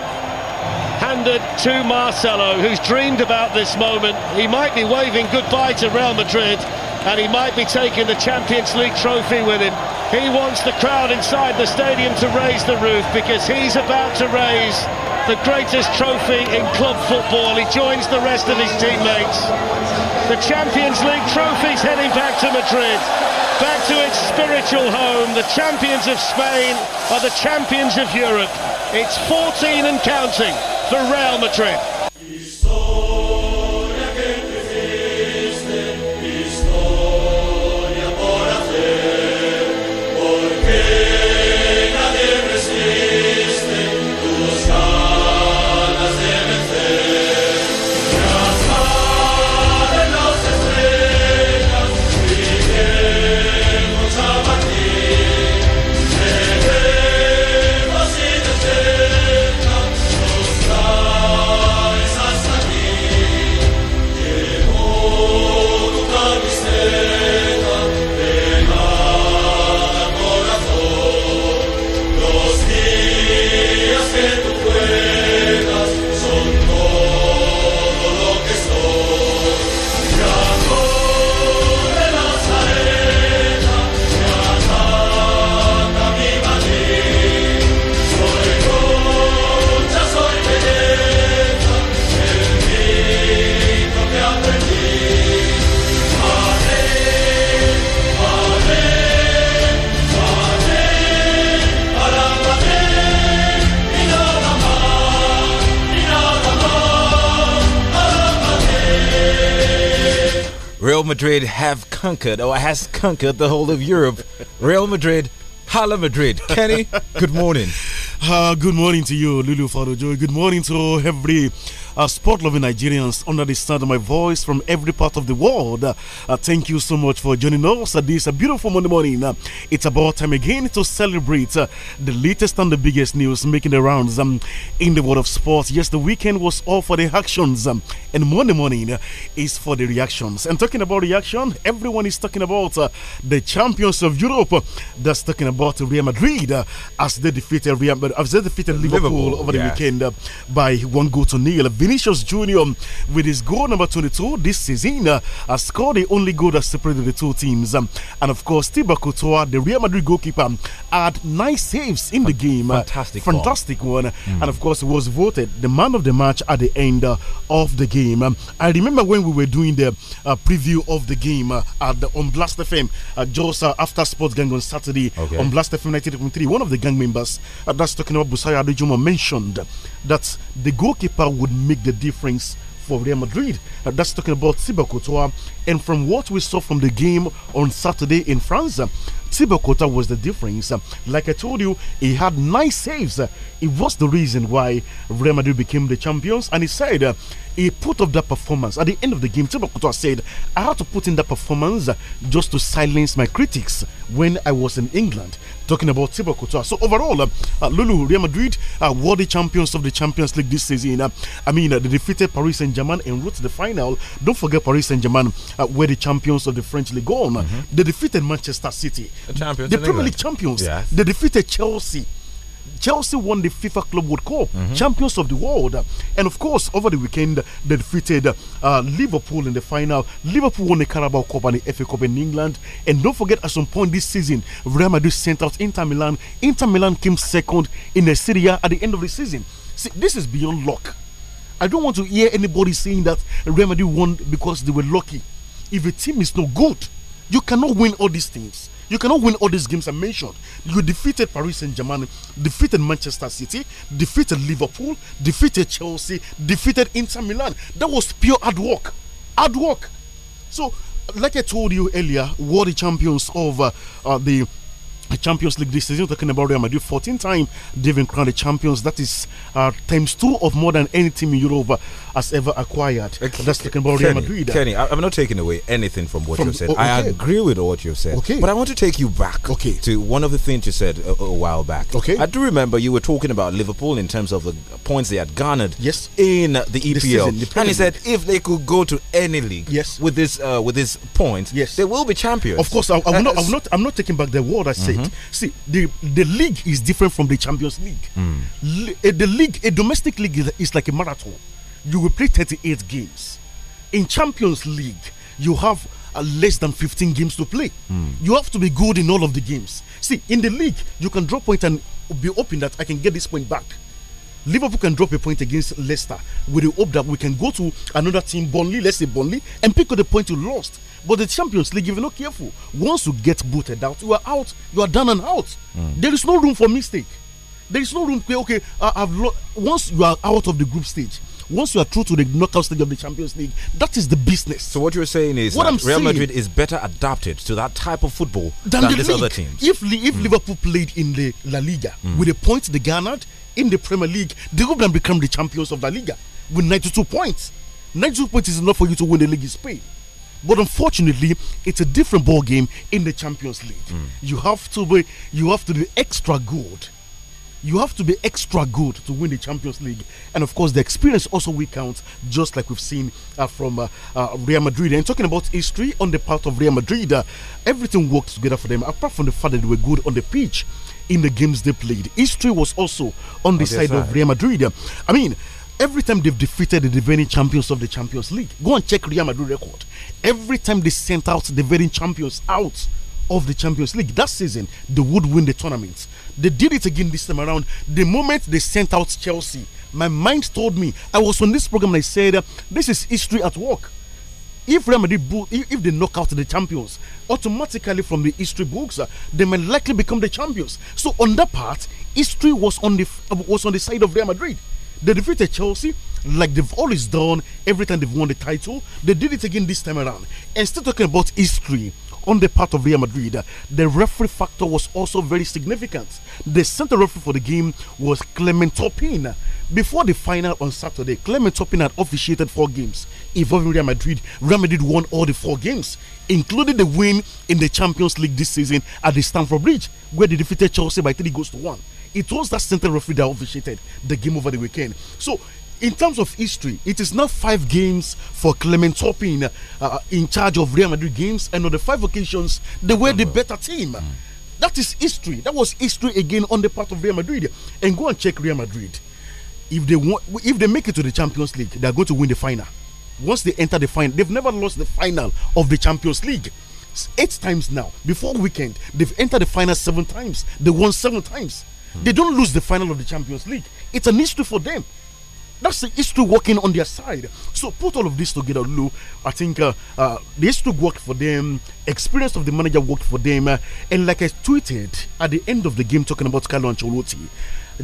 Handed to Marcelo, who's dreamed about this moment. He might be waving goodbye to Real Madrid, and he might be taking the Champions League trophy with him. He wants the crowd inside the stadium to raise the roof because he's about to raise the greatest trophy in club football. He joins the rest of his teammates. The Champions League trophies heading back to Madrid. Back to its spiritual home. The champions of Spain are the champions of Europe. It's 14 and counting for Real Madrid. Real Madrid have conquered, or has conquered the whole of Europe. Real Madrid, Hala Madrid. Kenny, good morning. (laughs) Uh, good morning to you, Lulu Joy. Good morning to every uh, sport loving Nigerians under the sound of my voice from every part of the world. Uh, thank you so much for joining us at this uh, beautiful Monday morning. Uh, it's about time again to celebrate uh, the latest and the biggest news making the rounds um, in the world of sports. Yes, the weekend was all for the actions, um, and Monday morning is for the reactions. And talking about reaction, everyone is talking about the champions of Europe. That's talking about Real Madrid as they defeated Real Madrid, as they defeated Liverpool, Liverpool over the weekend by one goal to nil Vinicius Junior, with his goal number 22 this season, uh, has scored the only goal that separated the two teams. Um, and of course, Thibaut Courtois, the Real Madrid goalkeeper, had nine saves in the game. Fantastic, uh, fantastic one. Mm. And of course, was voted the man of the match at the end uh, of the game. Um, I remember when we were doing the uh, preview of the game uh, at the on Blast FM, uh, just after Sports Gang on Saturday okay. on Blast FM 19.3. One of the gang members that's talking about Busaya Adejumo mentioned that the goalkeeper would make the difference for Real Madrid. Uh, that's talking about Thibaut Courtois. And from what we saw from the game on Saturday in France, Sibokota was the difference. Like I told you, he had nine saves. It was the reason why Real Madrid became the champions. And he said uh, he put up that performance at the end of the game. Tibakutua said, I had to put in that performance just to silence my critics when I was in England. Talking about Tibakutua. So, overall, uh, uh, Lulu, Real Madrid are uh, worthy champions of the Champions League this season. Uh, I mean, they defeated Paris Saint Germain en route to the final. Don't forget, Paris Saint Germain were the champions of the French League. On. Mm -hmm. They defeated Manchester City the champions. The Premier League champions. They defeated Chelsea. Chelsea won the FIFA Club World Cup, mm -hmm. champions of the world. And of course, over the weekend, they defeated uh, Liverpool in the final. Liverpool won the Carabao Cup and the FA Cup in England. And don't forget, at some point this season, Real Madrid sent out Inter Milan. Inter Milan came second in the Serie A at the end of the season. See, this is beyond luck. I don't want to hear anybody saying that Real Madrid won because they were lucky. If a team is no good, you cannot win all these things you cannot win all these games I mentioned. You defeated Paris Saint Germain, defeated Manchester City, defeated Liverpool, defeated Chelsea, defeated Inter Milan. That was pure hard work. Hard work. So, like I told you earlier, world champions of uh, uh, the Champions League this season. Talking about Real Madrid, 14 time they've been crowned the champions. That is uh, times two of more than any team in Europe has ever acquired. Uh, okay. That's about Kenny, Real Madrid. Kenny, I, am not taking away anything from what from, you've said. Okay. I agree with what you've said. Okay. But I want to take you back okay. to one of the things you said a, a while back. Okay. I do remember you were talking about Liverpool in terms of the points they had garnered yes. in the EPL. Season, the and he said if they could go to any league yes. with this uh, with this point, yes. they will be champions. Of course, I, am uh, not, I'm not I'm not taking back the word I said. Mm -hmm. See, the the league is different from the Champions League. Mm. Le eh, the league, a domestic league is like a marathon you will play 38 games. In Champions League, you have uh, less than 15 games to play. Mm. You have to be good in all of the games. See, in the league, you can drop point and be hoping that I can get this point back. Liverpool can drop a point against Leicester with the hope that we can go to another team, Burnley, let's say Burnley, and pick up the point you lost. But the Champions League, if you're not careful, once you get booted out, you are out, you are done and out. Mm. There is no room for mistake. There is no room. Okay, okay uh, I've once you are out of the group stage, once you are through to the knockout stage of the Champions League, that is the business. So what you're saying is what I'm Real Madrid is better adapted to that type of football than, than this other teams. If if mm. Liverpool played in the La Liga mm. with the points they garnered in the Premier League, they would have become the champions of La Liga with 92 points. 92 points is enough for you to win the league in Spain. But unfortunately, it's a different ball game in the Champions League. Mm. You have to be you have to be extra good you have to be extra good to win the Champions League. And of course, the experience also will count, just like we've seen uh, from uh, uh, Real Madrid. And talking about history on the part of Real Madrid, uh, everything worked together for them, apart from the fact that they were good on the pitch in the games they played. History was also on the side, side of Real Madrid. I mean, every time they've defeated the defending champions of the Champions League, go and check Real Madrid record. Every time they sent out the defending champions out of the Champions League. That season, they would win the tournament. They did it again this time around. The moment they sent out Chelsea, my mind told me, I was on this program and I said, This is history at work. If Real Madrid, if they knock out the champions, automatically from the history books, uh, they may likely become the champions. So on that part, history was on the was on the side of Real Madrid. They defeated Chelsea like they've always done every time they've won the title. They did it again this time around. And still talking about history, on the part of Real Madrid. The referee factor was also very significant. The center referee for the game was Clement Topin. Before the final on Saturday, Clement Topin had officiated four games involving Real Madrid. Real Madrid won all the four games, including the win in the Champions League this season at the Stamford Bridge, where they defeated Chelsea by three goals to one. It was that center referee that officiated the game over the weekend. So in terms of history, it is now five games for Clement Toppin uh, uh, in charge of Real Madrid games, and on the five occasions, they were the better team. Mm. That is history. That was history again on the part of Real Madrid. And go and check Real Madrid. If they want, if they make it to the Champions League, they are going to win the final. Once they enter the final, they've never lost the final of the Champions League. Eight times now. Before weekend, they've entered the final seven times. They won seven times. Mm. They don't lose the final of the Champions League. It's an history for them. That's the history working on their side. So put all of this together, Lou. I think uh, uh, the history worked for them, experience of the manager worked for them. Uh, and like I tweeted at the end of the game, talking about Carlo Ancelotti,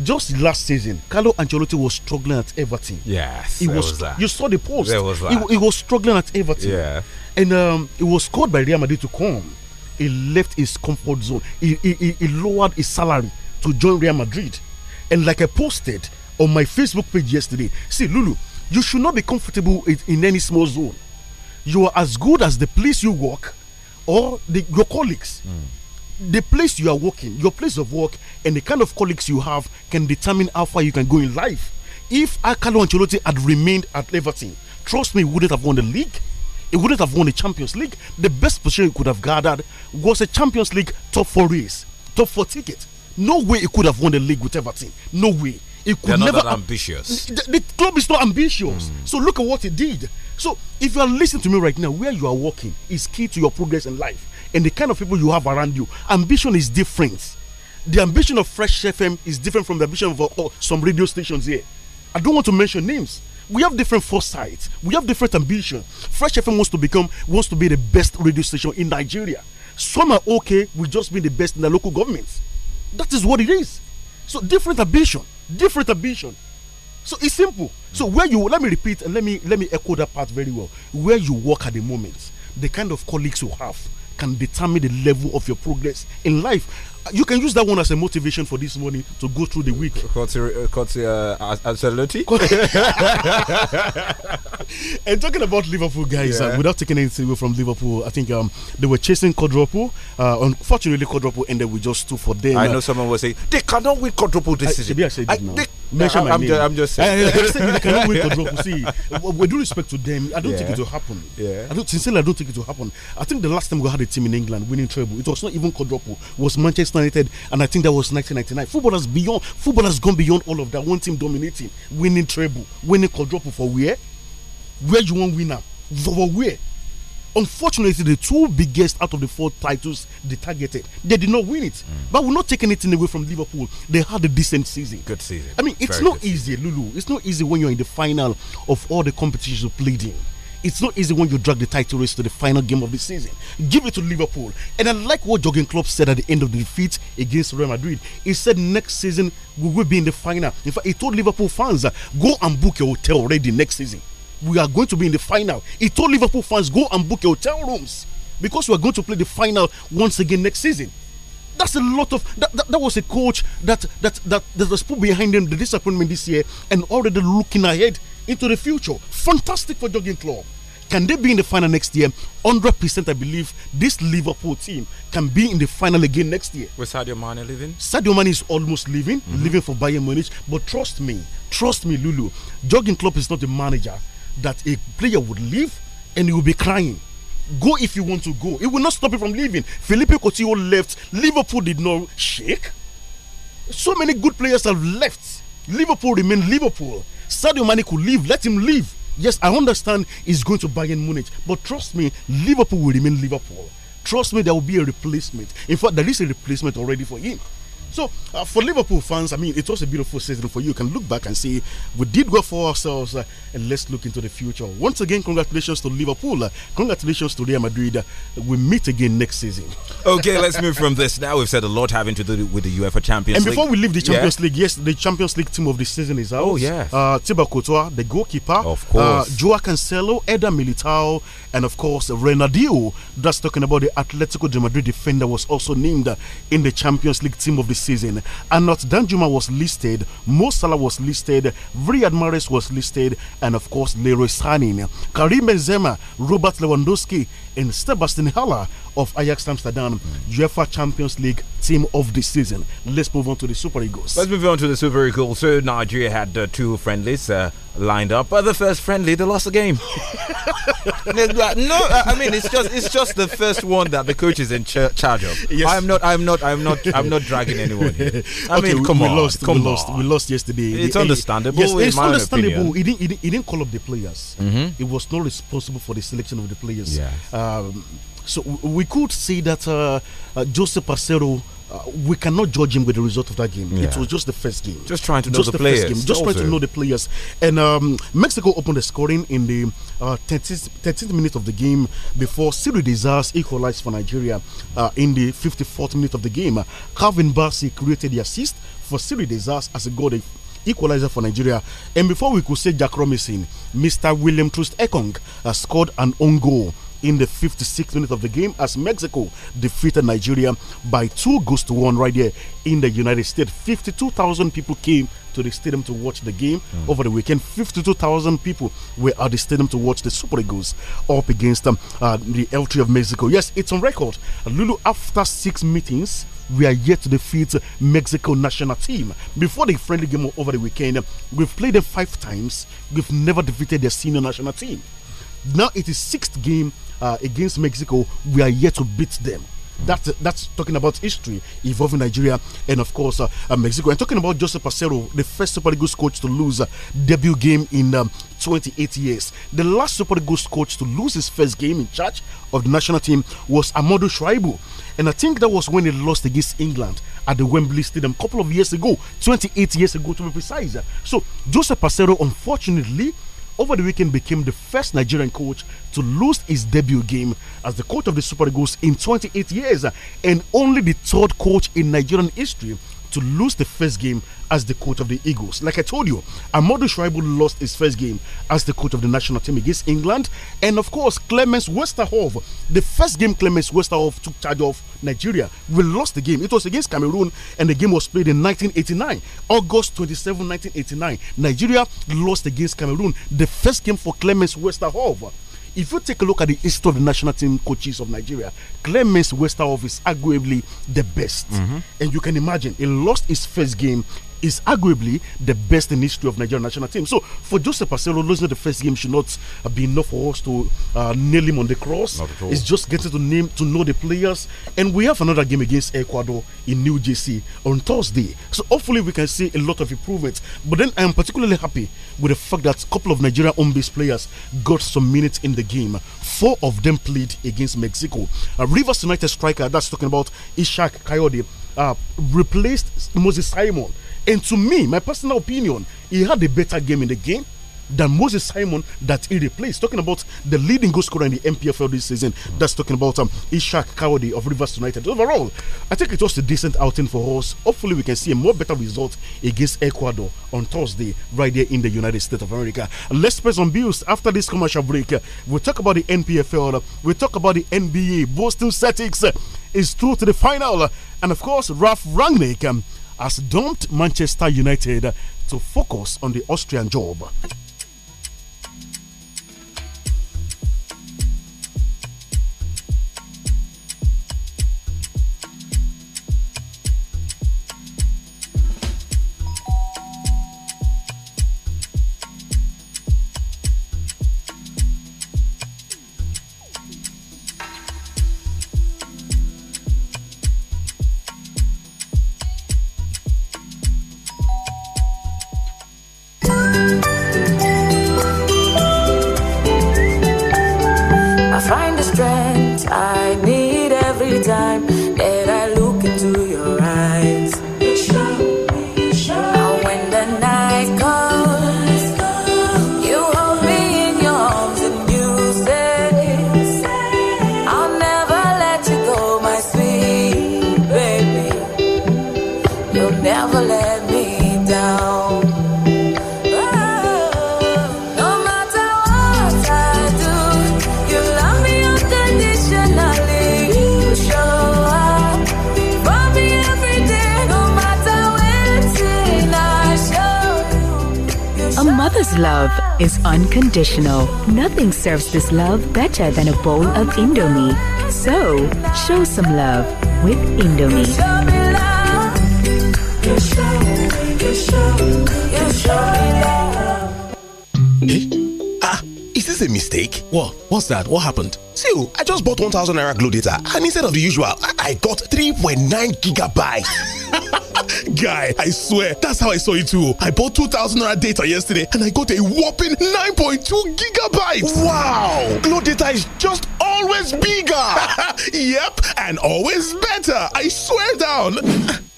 just last season, Carlo Ancelotti was struggling at Everton. Yes, he was. was you saw the post. There was that. He, he, was struggling at Everton. Yeah, and um, it was called by Real Madrid to come. He left his comfort zone. He, he, he lowered his salary to join Real Madrid, and like I posted, on my Facebook page yesterday. See, Lulu, you should not be comfortable in, in any small zone. You are as good as the place you work or the, your colleagues. Mm. The place you are working, your place of work, and the kind of colleagues you have can determine how far you can go in life. If Akalo Ancelotti had remained at Everton, trust me, he wouldn't have won the league. He wouldn't have won the Champions League. The best position he could have gathered was a Champions League top four race, top four ticket. No way he could have won the league with Everton. No way he could never ambitious. The, the, club is not ambitious. Mm. So look at what he did. So if you are listening to me right now, where you are working is key to your progress in life and the kind of people you have around you. Ambition is different. The ambition of Fresh FM is different from the ambition of uh, some radio stations here. I don't want to mention names. We have different foresight. We have different ambition. Fresh FM wants to become wants to be the best radio station in Nigeria. Some are okay with just being the best in the local government. That is what it is. So different ambition, different ambition. So it's simple. So where you let me repeat and let me let me echo that part very well. Where you work at the moment, the kind of colleagues you have can determine the level of your progress in life you can use that one as a motivation for this morning to go through the week. Uh, uh, absolutely. (laughs) and talking about Liverpool, guys, uh, yeah. uh, without taking anything away from Liverpool, I think um, they were chasing quadruple. Uh, unfortunately, quadruple ended with just two for them. I know someone was saying they cannot win quadruple this I, season. I said I, now. They, Mention I'm, just, (laughs) I'm, just, saying. they cannot win quadruple. (laughs) See, with due respect to them, I don't yeah. think it will happen. Yeah. I don't sincerely, I don't think it will happen. I think the last time we had a team in England winning treble, it was not even quadruple. It was Manchester and I think that was 1999. Footballers beyond footballers gone beyond all of that. One team dominating, winning treble, winning quadruple for where? Where you want winner? For where? Unfortunately, the two biggest out of the four titles they targeted, they did not win it. Mm. But we're not taking anything away from Liverpool. They had a decent season. Good season. I mean, it's Very not easy, season. Lulu. It's not easy when you're in the final of all the competitions you played in. It's not easy when you drag the title race to the final game of the season. Give it to Liverpool. And I like what Jurgen Klopp said at the end of the defeat against Real Madrid. He said next season we will be in the final. In fact, he told Liverpool fans, go and book your hotel already next season. We are going to be in the final. He told Liverpool fans, go and book your hotel rooms because we are going to play the final once again next season. That's a lot of that, that, that was a coach that that that that was put behind him the disappointment this year and already looking ahead into the future. Fantastic for Jogging Club. Can they be in the final next year? 100% I believe this Liverpool team can be in the final again next year. With Sadio Mane leaving? Sadio Mane is almost leaving, mm -hmm. leaving for Bayern Munich. But trust me, trust me, Lulu, Jogging Club is not a manager that a player would leave and he will be crying go if you want to go. It will not stop you from leaving. Felipe Coutinho left. Liverpool did not shake. So many good players have left. Liverpool remain Liverpool. Sadio Mane could leave. Let him leave. Yes, I understand he's going to Bayern Munich, but trust me, Liverpool will remain Liverpool. Trust me, there will be a replacement. In fact, there is a replacement already for him. So uh, for Liverpool fans, I mean, it was a beautiful season for you. You can look back and say we did well for ourselves, uh, and let's look into the future. Once again, congratulations to Liverpool. Uh, congratulations to Real Madrid. Uh, we meet again next season. Okay, let's move from this. Now we've said a lot having to do with the UEFA Champions. And League. before we leave the Champions yeah. League, yes, the Champions League team of the season is out. Oh yeah, uh, Thibaut Courtois, the goalkeeper, of uh, course, Joao Cancelo, Eder Militao, and of course Renadio. That's talking about the Atletico de Madrid defender was also named uh, in the Champions League team of the season. And not Danjuma was listed, Mo Salah was listed, Riyad Mahrez was listed, and of course Leroy Sané, Karim Benzema, Robert Lewandowski, and Sebastian Haller of Ajax Amsterdam, UEFA Champions League team of the season. Let's move on to the Super Eagles. Let's move on to the Super Eagles. So Nigeria had uh, two friendlies uh, lined up, but the first friendly they lost the game. (laughs) no, I mean it's just it's just the first one that the coach is in ch charge of. Yes. I'm not I'm not I'm not I'm not dragging anyone. Here. (laughs) I okay, mean, come we, on, lost, come we on. lost, we lost yesterday. It's the, eh, understandable. Yes, it's understandable. He didn't, he didn't, he didn't call up the players. Mm -hmm. It was not responsible for the selection of the players. Uh, um, so we could say that uh, uh, Joseph Parcero. Uh, we cannot judge him with the result of that game. Yeah. It was just the first game. Just trying to know just the, the players. First game. Just also. trying to know the players. And um, Mexico opened the scoring in the 13th, uh, 13th, minute of the game before Cyril Desires equalized for Nigeria uh, in the 54th minute of the game. Calvin Barsi created the assist for Cyril Desires as a goal equalizer for Nigeria. And before we could say Jack Robinson, Mr. William Trust Ekong uh, scored an own goal in the 56th minute of the game as Mexico defeated Nigeria by two goals to one right there in the United States. 52,000 people came to the stadium to watch the game mm. over the weekend. 52,000 people were at the stadium to watch the Super Eagles up against um, uh, the L3 of Mexico. Yes, it's on record. Lulu, after six meetings, we are yet to defeat Mexico national team. Before the friendly game over the weekend, we've played them five times. We've never defeated their senior national team. Now it is sixth game uh, against Mexico, we are yet to beat them. That's that's talking about history involving Nigeria and of course uh, uh, Mexico. And talking about Joseph Pacero, the first Super Eagles coach to lose a uh, debut game in um, 28 years. The last Super Eagles coach to lose his first game in charge of the national team was Amadu Shraibu. And I think that was when he lost against England at the Wembley Stadium a couple of years ago, 28 years ago to be precise. So Joseph Pacero, unfortunately, over the weekend became the first Nigerian coach to lose his debut game as the coach of the Super Eagles in 28 years and only the third coach in Nigerian history to lose the first game as the coach of the Eagles. Like I told you, Amadu Schreiber lost his first game as the coach of the national team against England. And of course, Clemens Westerhoff, the first game Clemens Westerhoff took charge of Nigeria, we lost the game. It was against Cameroon, and the game was played in 1989, August 27, 1989. Nigeria lost against Cameroon, the first game for Clemens Westerhoff if you take a look at the history of the national team coaches of Nigeria, Clemens Westerhoff is arguably the best. Mm -hmm. And you can imagine, he lost his first game is arguably the best in history of Nigerian national team. So for Joseph Pacero, losing the first game should not uh, be enough for us to uh, nail him on the cross. It's just getting to name to know the players, and we have another game against Ecuador in New JC on Thursday. So hopefully we can see a lot of improvement. But then I am particularly happy with the fact that a couple of Nigerian home-based players got some minutes in the game. Four of them played against Mexico. A uh, Rivers United striker, that's talking about Ishak Coyote, uh, replaced Moses Simon and to me, my personal opinion, he had a better game in the game than Moses Simon that he replaced. Talking about the leading goal scorer in the MPFL this season, that's talking about um, Ishak Kawadi of Rivers United. Overall, I think it was a decent outing for us. Hopefully, we can see a more better result against Ecuador on Thursday, right here in the United States of America. Let's pay some bills after this commercial break. We'll talk about the NPFL, we'll talk about the NBA. Boston Celtics is through to the final, and of course, Ralph Rangnick. Um, has dumped Manchester United to focus on the Austrian job. love is unconditional. Nothing serves this love better than a bowl of Indomie. So, show some love with Indomie. Ah, is this a mistake? What? What's that? What happened? See, oh, I just bought 1000 Naira Glow data, and instead of the usual, I got 3.9 gigabytes. Guy, I swear, that's how I saw it too. I bought 2,000 Naira data yesterday and I got a whopping 9.2 gigabytes. Wow! Glow data is just always bigger. (laughs) yep, and always better. I swear down.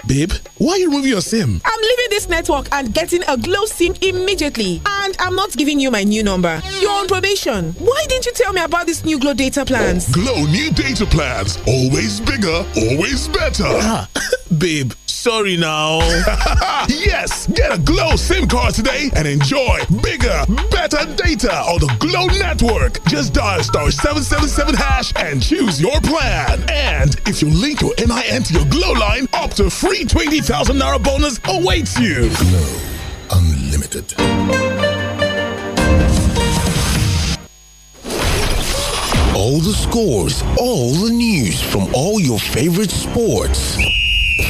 Babe, why are you removing your SIM? I'm leaving this network and getting a Glow SIM immediately. And I'm not giving you my new number. You're on probation. Why didn't you tell me about this new Glow data plans? Glow new data plans. Always bigger, always better. Ah, (laughs) babe sorry now. (laughs) yes, get a Glow SIM card today and enjoy bigger, better data on the Glow network. Just dial star 777 hash and choose your plan. And if you link your NIN to your Glow line, up to free 20,000 Naira bonus awaits you. Glow Unlimited. All the scores, all the news from all your favorite sports.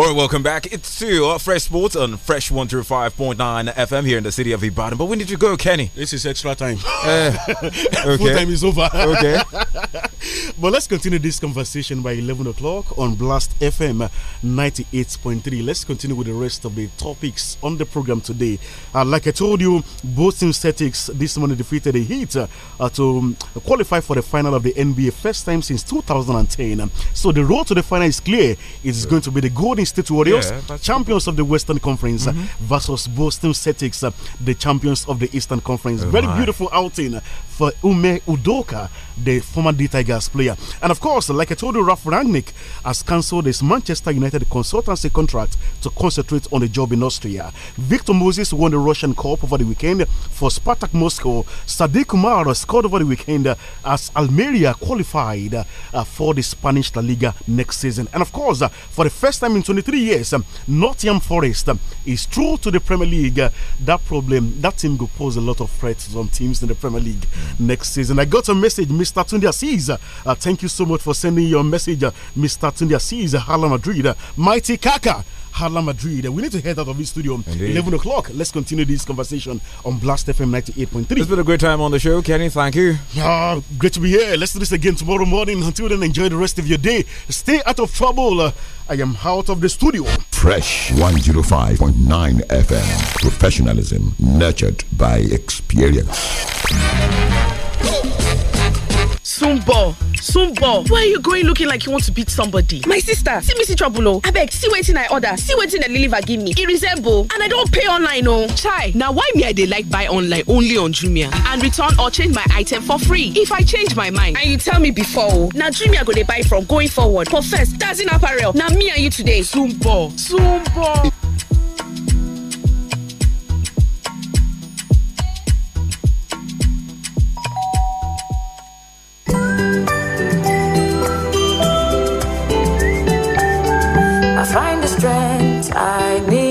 All right, welcome back. It's to uh, Fresh Sports on Fresh 105.9 FM here in the city of Ibadan. But we need to go, Kenny. This is extra time. Uh, (laughs) (laughs) okay. Full time is over. Okay. (laughs) but let's continue this conversation by 11 o'clock on Blast FM 98.3. Let's continue with the rest of the topics on the program today. Uh, like I told you, both team Celtics this morning defeated the Heat uh, to um, qualify for the final of the NBA first time since 2010. So the road to the final is clear. It's yeah. going to be the Golden State Warriors, yeah, champions of the Western Conference, mm -hmm. versus Boston Celtics, uh, the champions of the Eastern Conference. Oh Very my. beautiful outing for Ume Udoka the former D Tigers player. And of course, like I told you, Ralph Rangnick has cancelled his Manchester United consultancy contract to concentrate on the job in Austria. Victor Moses won the Russian Cup over the weekend for Spartak Moscow. Sadiq Umar scored over the weekend as Almeria qualified uh, for the Spanish La Liga next season. And of course, uh, for the first time in 23 years, um, Nottingham Forest um, is true to the Premier League. Uh, that problem, that team could pose a lot of threats on teams in the Premier League mm. next season. I got a message Mr. Tunde Assis. Uh, thank you so much for sending your message, uh, Mr. Tunde Assis, uh, Hala Madrid. Uh, Mighty Kaka. Hala Madrid. Uh, we need to head out of this studio Indeed. 11 o'clock. Let's continue this conversation on Blast FM 98.3. It's been a great time on the show, Kenny. Thank you. Uh, great to be here. Let's do this again tomorrow morning. Until then, enjoy the rest of your day. Stay out of trouble. Uh, I am out of the studio. Fresh 105.9 FM. Professionalism nurtured by experience. Sumbo, Sumbo, Where are you going looking like you want to beat somebody? My sister, see me see trouble oh. I beg. see waiting I order, see waiting that Liliva give me. It e resemble and I don't pay online oh. Chai, now why me I dey like buy online only on Jumia and return or change my item for free if I change my mind. And you tell me before oh, Now Jumia go dey buy from going forward. For first, that's in apparel. Now me and you today. Sumbo, Sumbo. I find the strength I need.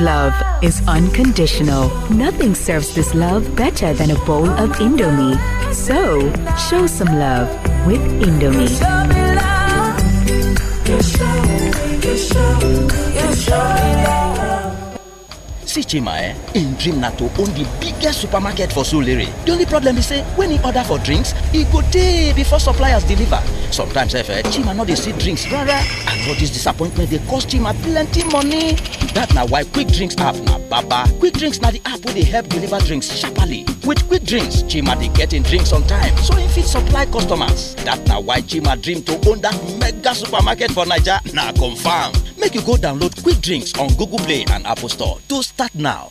love is unconditional. Nothing serves this love better than a bowl of Indomie. So, show some love with Indomie. See Chima eh, im dream na own the biggest supermarket for Solere. The only problem is say eh, when he order for drinks, he go tey before suppliers deliver. Sometimes eh, Chima not dey see drinks rara and all disappointment dey cost him plenty money dat na why quick drinks app na baba quick drinks na the app wey dey help deliver drinks sharply with quick drinks chima dey get im drinks on time so im fit supply customers dat na why chima dream to own that mega supermarket for naija na confam make you go download quick drinks on google play and apple store to start now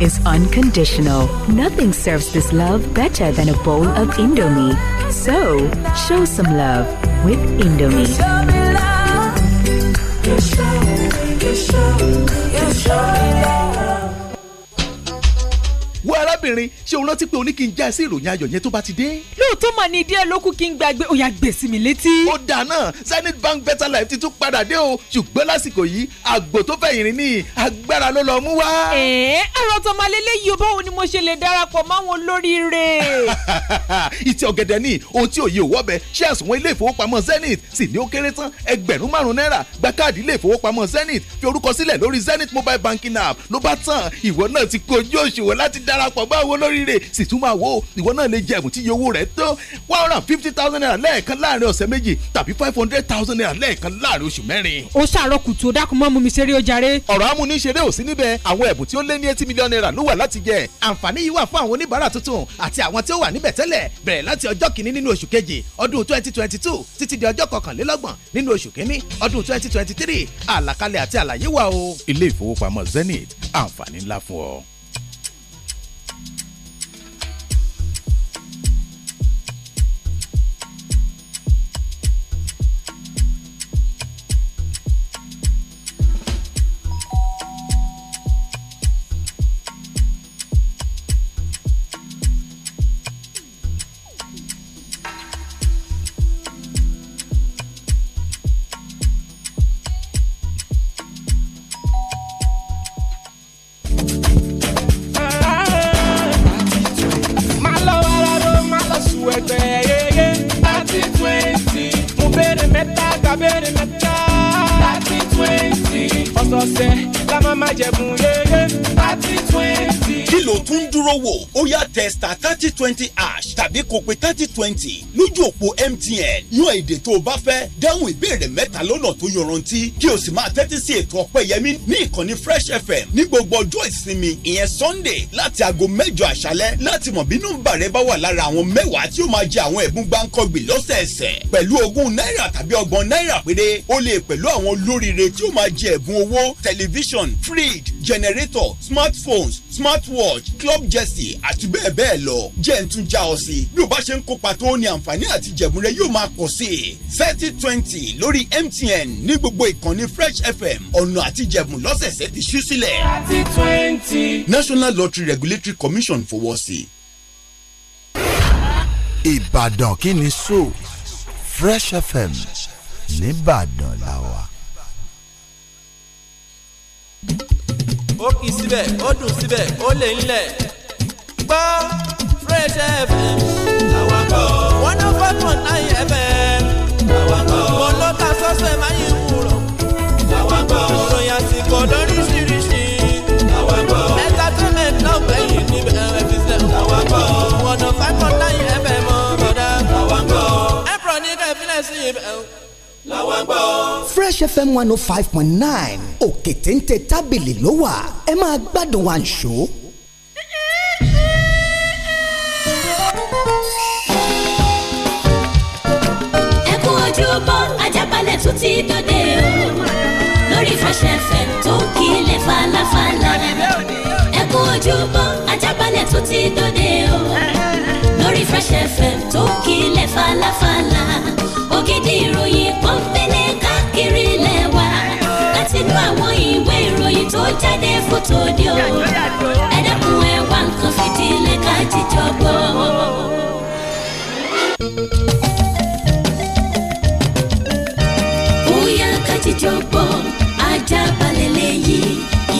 is unconditional. Nothing serves this love better than a bowl of Indomie. So, show some love with Indomie. Wọ́n arábìnrin ṣé o rántí pé o ní kí n já sí ìròyìn ayọ̀ yẹn tó bá ti dé? tó mà ní díẹ̀ lókù kí n gbàgbé ó yá gbè sí mi létí. ó dà náà Zenith Bank Better Life ti tún padà dé o ṣùgbọ́n lásìkò yìí àgbò tó fẹ̀yìn rìn ní agbára ló lọ mú wá. ẹ̀ẹ́ ọ̀rọ̀ tó máa lélẹ́ yìí o báwo ni mo ṣe lè darapọ̀ máwọn olóríire. (laughs) ìtì ọ̀gẹ̀dẹ̀ ni ohun tí òye òwò ṣé àsùnwọ̀n ilé ìfowópamọ́ Zenith sì ní ó kéré tán ẹgbẹ̀rún márùn-ún náírà gba káàdì ilé ìfowópamọ́ Zenith fi orúkọ sílẹ̀ lórí Zenith mobile banking app ló bá tán ìwọ náà ti kojú òṣùwọ̀n láti darapọ̀ máwọn olóríire sì tún máa wo ìwọ náà lè jẹ ẹ̀bùn tí iye owó rẹ̀ tó ná one hundred and fifty thousand naira lẹ́ẹ̀kan láàrin ọ̀sẹ̀ méjì tàbí five hundred thousand naira lẹ́ẹ̀kan láàrin oṣù mẹ́rin. ó ṣàárọ̀ kùtù ó dákun mọ́ mú mi ṣeré ó jàre. ọ̀rọ̀ amúniṣeré ò sí níbẹ̀ àwọn ẹ̀bùn tí ó lé ní eighty million naira ló wà láti jẹ àǹfààní yìí wà fún àwọn oníbàárà tuntun àti àwọn tí ó wà níbẹ̀ tẹ́lẹ̀ bẹ̀rẹ̀ láti ọjọ́ kìíní nínú oṣù kejì ọdún twenty twenty two títí di ọjọ́ kọkànlélọ́gbọ̀n nínú oṣù kìíní ọdún twenty twenty three àlàkalẹ̀ àti àlàyé wà o. ilé ìfowópamọ́ Zenith àǹfààní ńlá fún ọ. kó pe thirty twenty lójú òpó MTN yan èdè tó o bá fẹ́ dáhùn ìbéèrè mẹ́ta lọ́nà tó yọrantí kí o sì máa tẹ́tí sí ètò ọpẹ́yẹmí ní ìkànnì Fresh FM ní gbogbo ọjọ́ ìsinmi ìyẹn Sunday láti aago mẹ́jọ àṣálẹ́ láti mọ̀ bí nọ́mbà rẹ bá wà lára àwọn mẹ́wàá tí ó máa jẹ àwọn ẹ̀bùn gbáǹkọ́gbìn lọ́sẹ̀ẹsẹ̀ pẹ̀lú ogún náírà tàbí ọgbọ̀n náírà péré ó lè pẹ̀lú àwọn olóríire tí ó máa jẹ ẹ̀bùn owó tẹlifíṣàn fridge generator smartphones smartwatch club jersey àti bẹ́ẹ̀ bẹ́ẹ̀ lọ jẹ́ ń tún já ọ sí bí o bá ṣe ń kópa tó ní àǹfààní àti jẹ̀bùn rẹ yóò máa pọ̀ sí i thirty twenty lórí MTN ní gbogbo ìkànnì Fresh FM ọ̀nà àti jẹ̀bùn lọ́sẹ̀ẹ̀sẹ̀ ti ṣú sílẹ̀. thirty twenty. National Lottery Regulatory Commission fowọ́ sí i. Ìbàdàn kí ni sọ Fresh FM nìbàdàn làwà. thank you ó kì í síbẹ̀ ó dùn síbẹ̀ ó lè ń lẹ̀. gbọ́ fresh fm àwàkọ́ one oh five point nine fm àwàkọ́ mo lọ́ta sọ́sẹ̀ máa ń wúrọ̀ àwàkọ́ làwọn gbọ́. Fresh FM one oh five point nine òkè téńté tábìlì ló wà ẹ máa gbádùn wa ṣó. ẹ kú ojúbọ ajábalẹ̀ tún ti dòde o lórí Fresh FM tó ń kílẹ̀ falafala ẹ kú ojúbọ ajábalẹ̀ tún ti dòde o lórí Fresh FM tó ń kílẹ̀ falafala ògidì ìròyìn kan fẹlẹ̀ káàkiri lẹ́wà láti inú àwọn ìwé ìròyìn tó jáde fótó di o ẹ dẹ́kun nǹkan fìdílé ká jíjọ gbọ́. bóyá ká jíjọ gbọ́ ajá balẹ̀ lẹ́yìn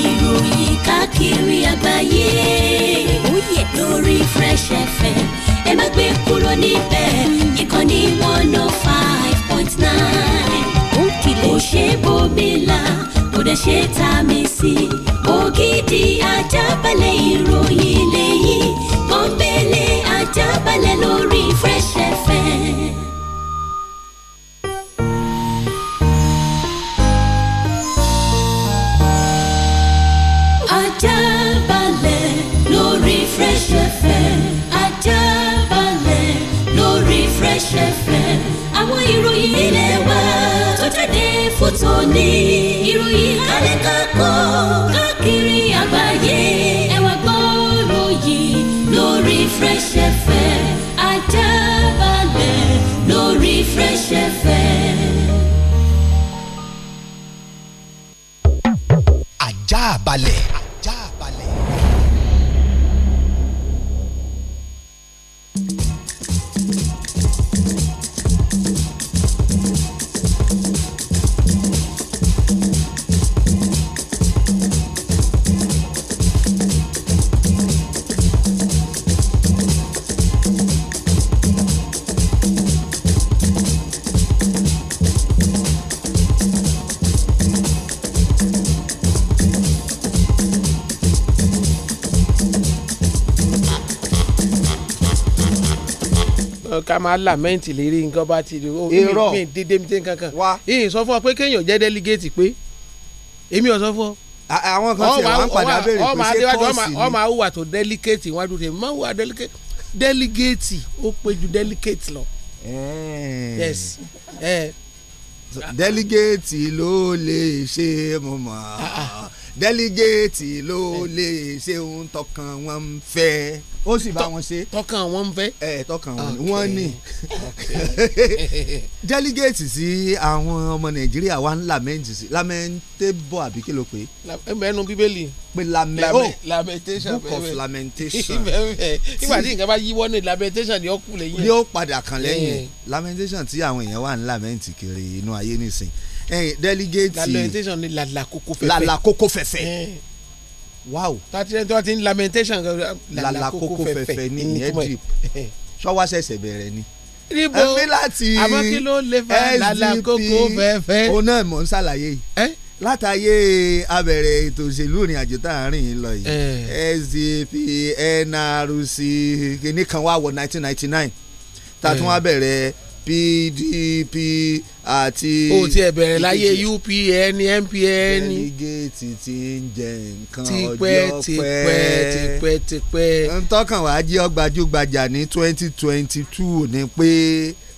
ìròyìn káàkiri àgbáyé lórí fresh. máa làmẹ́ǹtì lérí nǹkan bá ti rí o mi dédé mi tẹ́ ìyìn sọ fún ọ pé kéèyàn jẹ́ délígéètì pé èmi ò sọ fún ọ. àwọn kan ti àwọn padà béèrè pé ṣé kọ́ọ̀sì ni ọmọ àwùwà tó délígéètì wájú tèmi máa wùwà délígéètì ó pé ju délígéètì lọ. yes ló lè ṣe mo mọ̀ ah, ah dẹ́lígẹ́ẹ̀tì ló eh. lè ṣe ohun tọkàn wọn ń fẹ́ ó sì bá wọn ṣe. tọkàn wọn ń fẹ́. ẹ eh, tọkàn wọn ni (laughs) dẹ́lígẹ́ẹ̀tì sí àwọn ọmọ nàìjíríà wa ń lament sí lamentable àbí kí ló pé. ẹnu bíbélì. pé lament oh! lamentation book of lamentation. (laughs) nígbà tí nǹkan bá yíwọ́ ní lamentation ni ó kù lẹ́yìn. ni ó padà kàn lẹ́yìn eh. lamentation tí àwọn èèyàn wà ń lament kiri inú ayé nísìnyí Eh, delegate lamentation ni lalakoko fẹfẹ lalakoko fẹfẹ eh. wow thirty one thirty lamentation lalakoko fẹfẹ ni ìyẹn drip ṣọwọ́ ṣẹ̀ṣẹ̀ ni níbo àmọ́ kí ló lè fa lalakoko fẹfẹ. o náà mọ̀ ń ṣàlàyé yìí eh? látàyè abẹ̀rẹ̀ ètò òṣèlú ìrìn àjò tá à ń rìn lọ yìí SDP NRC kìnnìkan wà wọ nineteen ninety nine tá PDP àti. o ti ẹ̀ bẹ̀rẹ̀ láyé UPN MPN. dẹ́nigéètì ti ń jẹ nǹkan ọjọ́ pẹ́. tipẹ́ tipẹ́ tipẹ́. ń tọ́kàn wá jẹ́ ọgbàjúgbajà ní twenty twenty two ni pé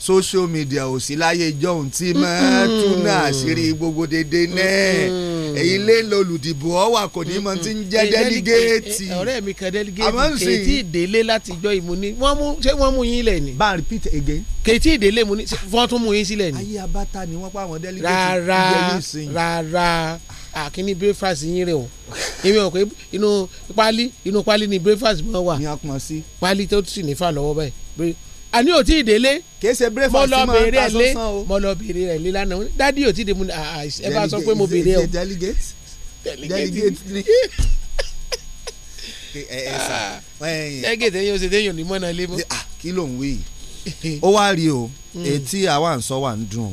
social media ò sí láyé ìjọ́hun tí máa tún àṣírí gbogbo dédé náà ilé hmm. lolùdìbò ọ wà kò ní mọ hmm, hmm. tí ń jẹ́ dẹ́lígéètì. ọ̀rẹ́ mi kan dẹ́lígéètì kèétí ìdélé látijọ́ ìmú ni wọ́n mú ṣé wọ́n mú yín lẹ̀ ni. bá a repeat again. kèétí ìdélé mu ni wọ́n tún mú yín sílẹ̀ ni. ayé abáta ni wọ́n pa àwọn dẹ́lígéètì ìjẹ́lú ìsìn. rárá àkíní breakfast yín rẹ o èmi ò pé inú pálí inú pálí ni breakfast mọ́ wà. ní a kùn sí. pálí tó sì ní fà lọ́wọ́ báyìí àní ò tí ì kì í ṣe breakfast mo lọ béèrè ẹ lé mo lọ béèrè ẹ lé lánàá dádì ò tí ì dé ẹ bá sọ pé mo béèrè ẹ o delegate delegate delegate yóò ṣe téèyàn ní mọ́nà lé mọ́. Ah, kí ló ń wí (laughs) ó wá rí o hmm. etí àwa ń sọ wà ń dùn o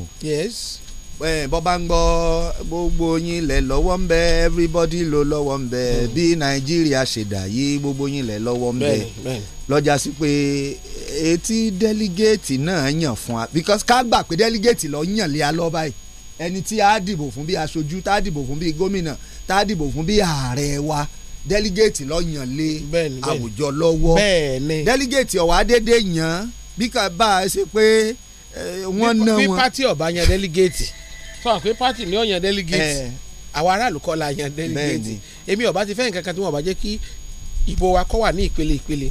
bọ́ bá ń gbọ́ gbogbo yín lẹ̀ lọ́wọ́ ń bẹ everybody ló lọ́wọ́ ń bẹ mm. bí nàìjíríà ṣe dà yìí gbogbo yín lẹ̀ lọ́wọ́ ń bẹ lọ́jà sí pé etí délígéètì náà yàn fún wa because ká gbà pé délígéètì lọ yàn lé alọ́ báyìí ẹni tí a dìbò fún bí aṣojú tá a dìbò fún bí gómìnà tá a dìbò fún bí ààrẹ wa délígéètì lọ yàn lé àwùjọ lọ́wọ́ délígéètì ọ̀wá déédéé yàn bí ká bá a ṣe pé wọ́n ná wọn. bí pátí ọ̀bá yẹn délígéètì sọ pé pati ni ó yan delegate eh, àwọn aráàlú kọ́ la yan delegate èmi ọba ti fẹ́ nǹkan kan tí wọ́n bá jẹ́ kí ìbò wa kọ́ wà ní ìpele ìpele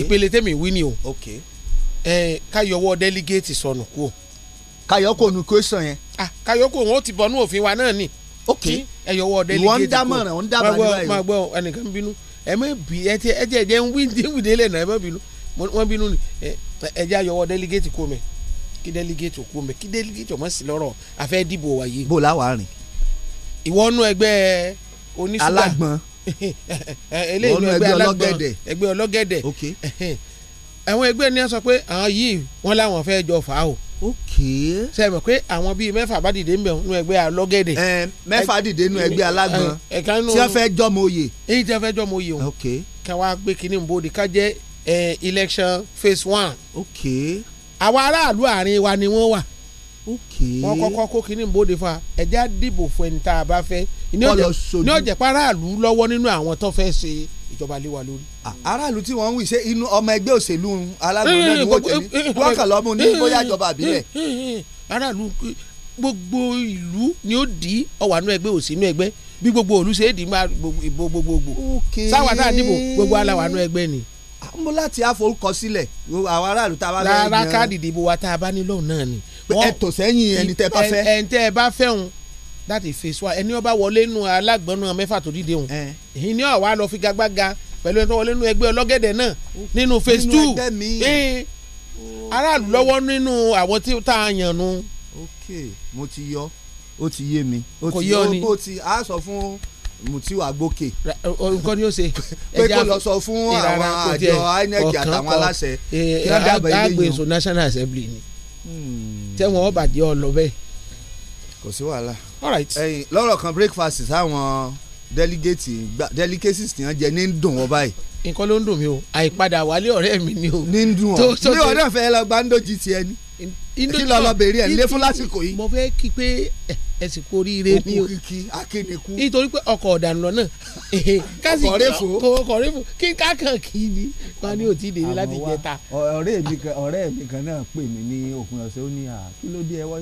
ìpele tèmi wí ni o eh, káyọwọ́ delegate sọnù kú o. káyọkọ nu question yẹn. Ah, káyọkọ wọn ti bọnú òfin wa náà ni kí ẹyọwọ́ delegate kú o. ìwọ ń dámọ̀ràn ń dábàá nígbà yìí. máa gbọ́ ẹnìkan bínú ẹ mọ̀ bí ẹ jẹ́ ẹ jẹ́ ń wí délé náà ẹ mọ̀ bínú wọ́n bínú ni ẹ jẹ́ ayọwọ́ delegate kú o mẹ́ kí délégéètì òkú mi kí délégéètì ọmọ sí lọ́rọ̀ àfẹ́ dìbò wáyé. bó láwàá rìn. ìwọ nú ẹgbẹ́ oníṣúgà alágbọn (laughs) eléyìí nú ẹgbẹ́ alágbọn ẹgbẹ́ ọlọ́gẹ̀dẹ̀ (laughs) àwọn ẹgbẹ́ ni wọ́n sọ pé àwọn yìí wọ́n láwọn fẹ́ jọ fà o. ok ṣe pé àwọn bíi mẹ́fà bá dìde nbẹ̀ nú ẹgbẹ́ alọ́gẹ̀dẹ̀. ẹ dìde nú ẹgbẹ́ alágbọn tí wọ́n fẹ́ jọmọ oyè. èyí tí wọ́n fẹ́ jọmọ oyè o. ok káwa gbé kinní bòde ká jẹ́ election phase one. ok àwọn aráàlú àárín wa ni wọ́n wà wọ́n kọ́kọ́ kó kínní bóde fún wa ẹ̀já dìbò fún ẹni tá a bá fẹ́ ní ọ̀jẹ̀ paráàlú lọ́wọ́ nínú àwọn tó fẹ́ ṣe ìjọba lé wa lórí. aráàlú tí wọ́n ń wí ṣe inú ọmọ ẹgbẹ́ òṣèlú alágbọ̀n eh, ni eh, wọ́n jẹ̀bi eh, gbogbo ìlú ni ó di ọ̀wánú ẹgbẹ́ òṣèlú ẹgbẹ́ bí gbogbo òlú máa gbogbo gbogbo sáwà tá dìbò gbogbo aláwánú ẹgbẹ́ ni mo láti àforúkọ sílẹ̀ àwọn aráàlú tá a bá lẹ́yìn náà. rárá káàdì ìdìbò wa tá a bá nílò náà ni. ẹ tò sẹ́yìn ẹni tẹ́ bá fẹ́. ẹni tẹ́ ẹ bá fẹ́ òun láti fèsì wa ẹni ọba wọlé nu alágbọ̀nù mẹ́fà tó dìde òun. èyí ni àwa lọ figagbága pẹ̀lú ẹni tó wọlé nu ẹgbẹ́ ọlọ́gẹ̀dẹ̀ náà nínú phase two. aráàlú lọ́wọ́ nínú àwọn tí tá a yàn nu. ok mo ti yọ ó ti yé mi ó yọ bó ti Mutiu Agboke. nǹkan ni ó ṣe. pé kó lọ sọ fún eh, àwọn àjọ INEC àtàwọn aláṣẹ. àgbèsò eh, eh, National Assembly ni hmm. tẹ́wọ̀n ọ̀bàdì ọlọ́bẹ̀. kò sí wàhálà. lọ́rọ̀ kan breakfast sáwọn delegate delicacies tí wọ́n jẹ ní ń dùn wọ́n báyìí. nǹkan ló ń dùn mí o àìpadà wálé ọ̀rẹ́ mi ni o. ní ń dùn ọ́ ní ọ̀rẹ́ fẹ́ lọ gbàǹdó gt kí lọ lọ bèrè ẹ̀ lé fún lásìkò yìí. mo fẹ́ kí pé eh, ẹ sì kú oríire ní o okun kìkì akéneku. nítorí pé ọkọ̀ ọ̀dànù lọ náà (laughs) ọkọ̀ rẹ́fò ọkọ̀ rẹ́fò kí kákan kì í ni wọn ní òtí dèrè láti jẹ ta. ọ̀rẹ́ mi kan ọ̀rẹ́ mi kan náà pè mí ní òpin ọ̀sẹ̀ ó ní à kí ló dé ẹ wá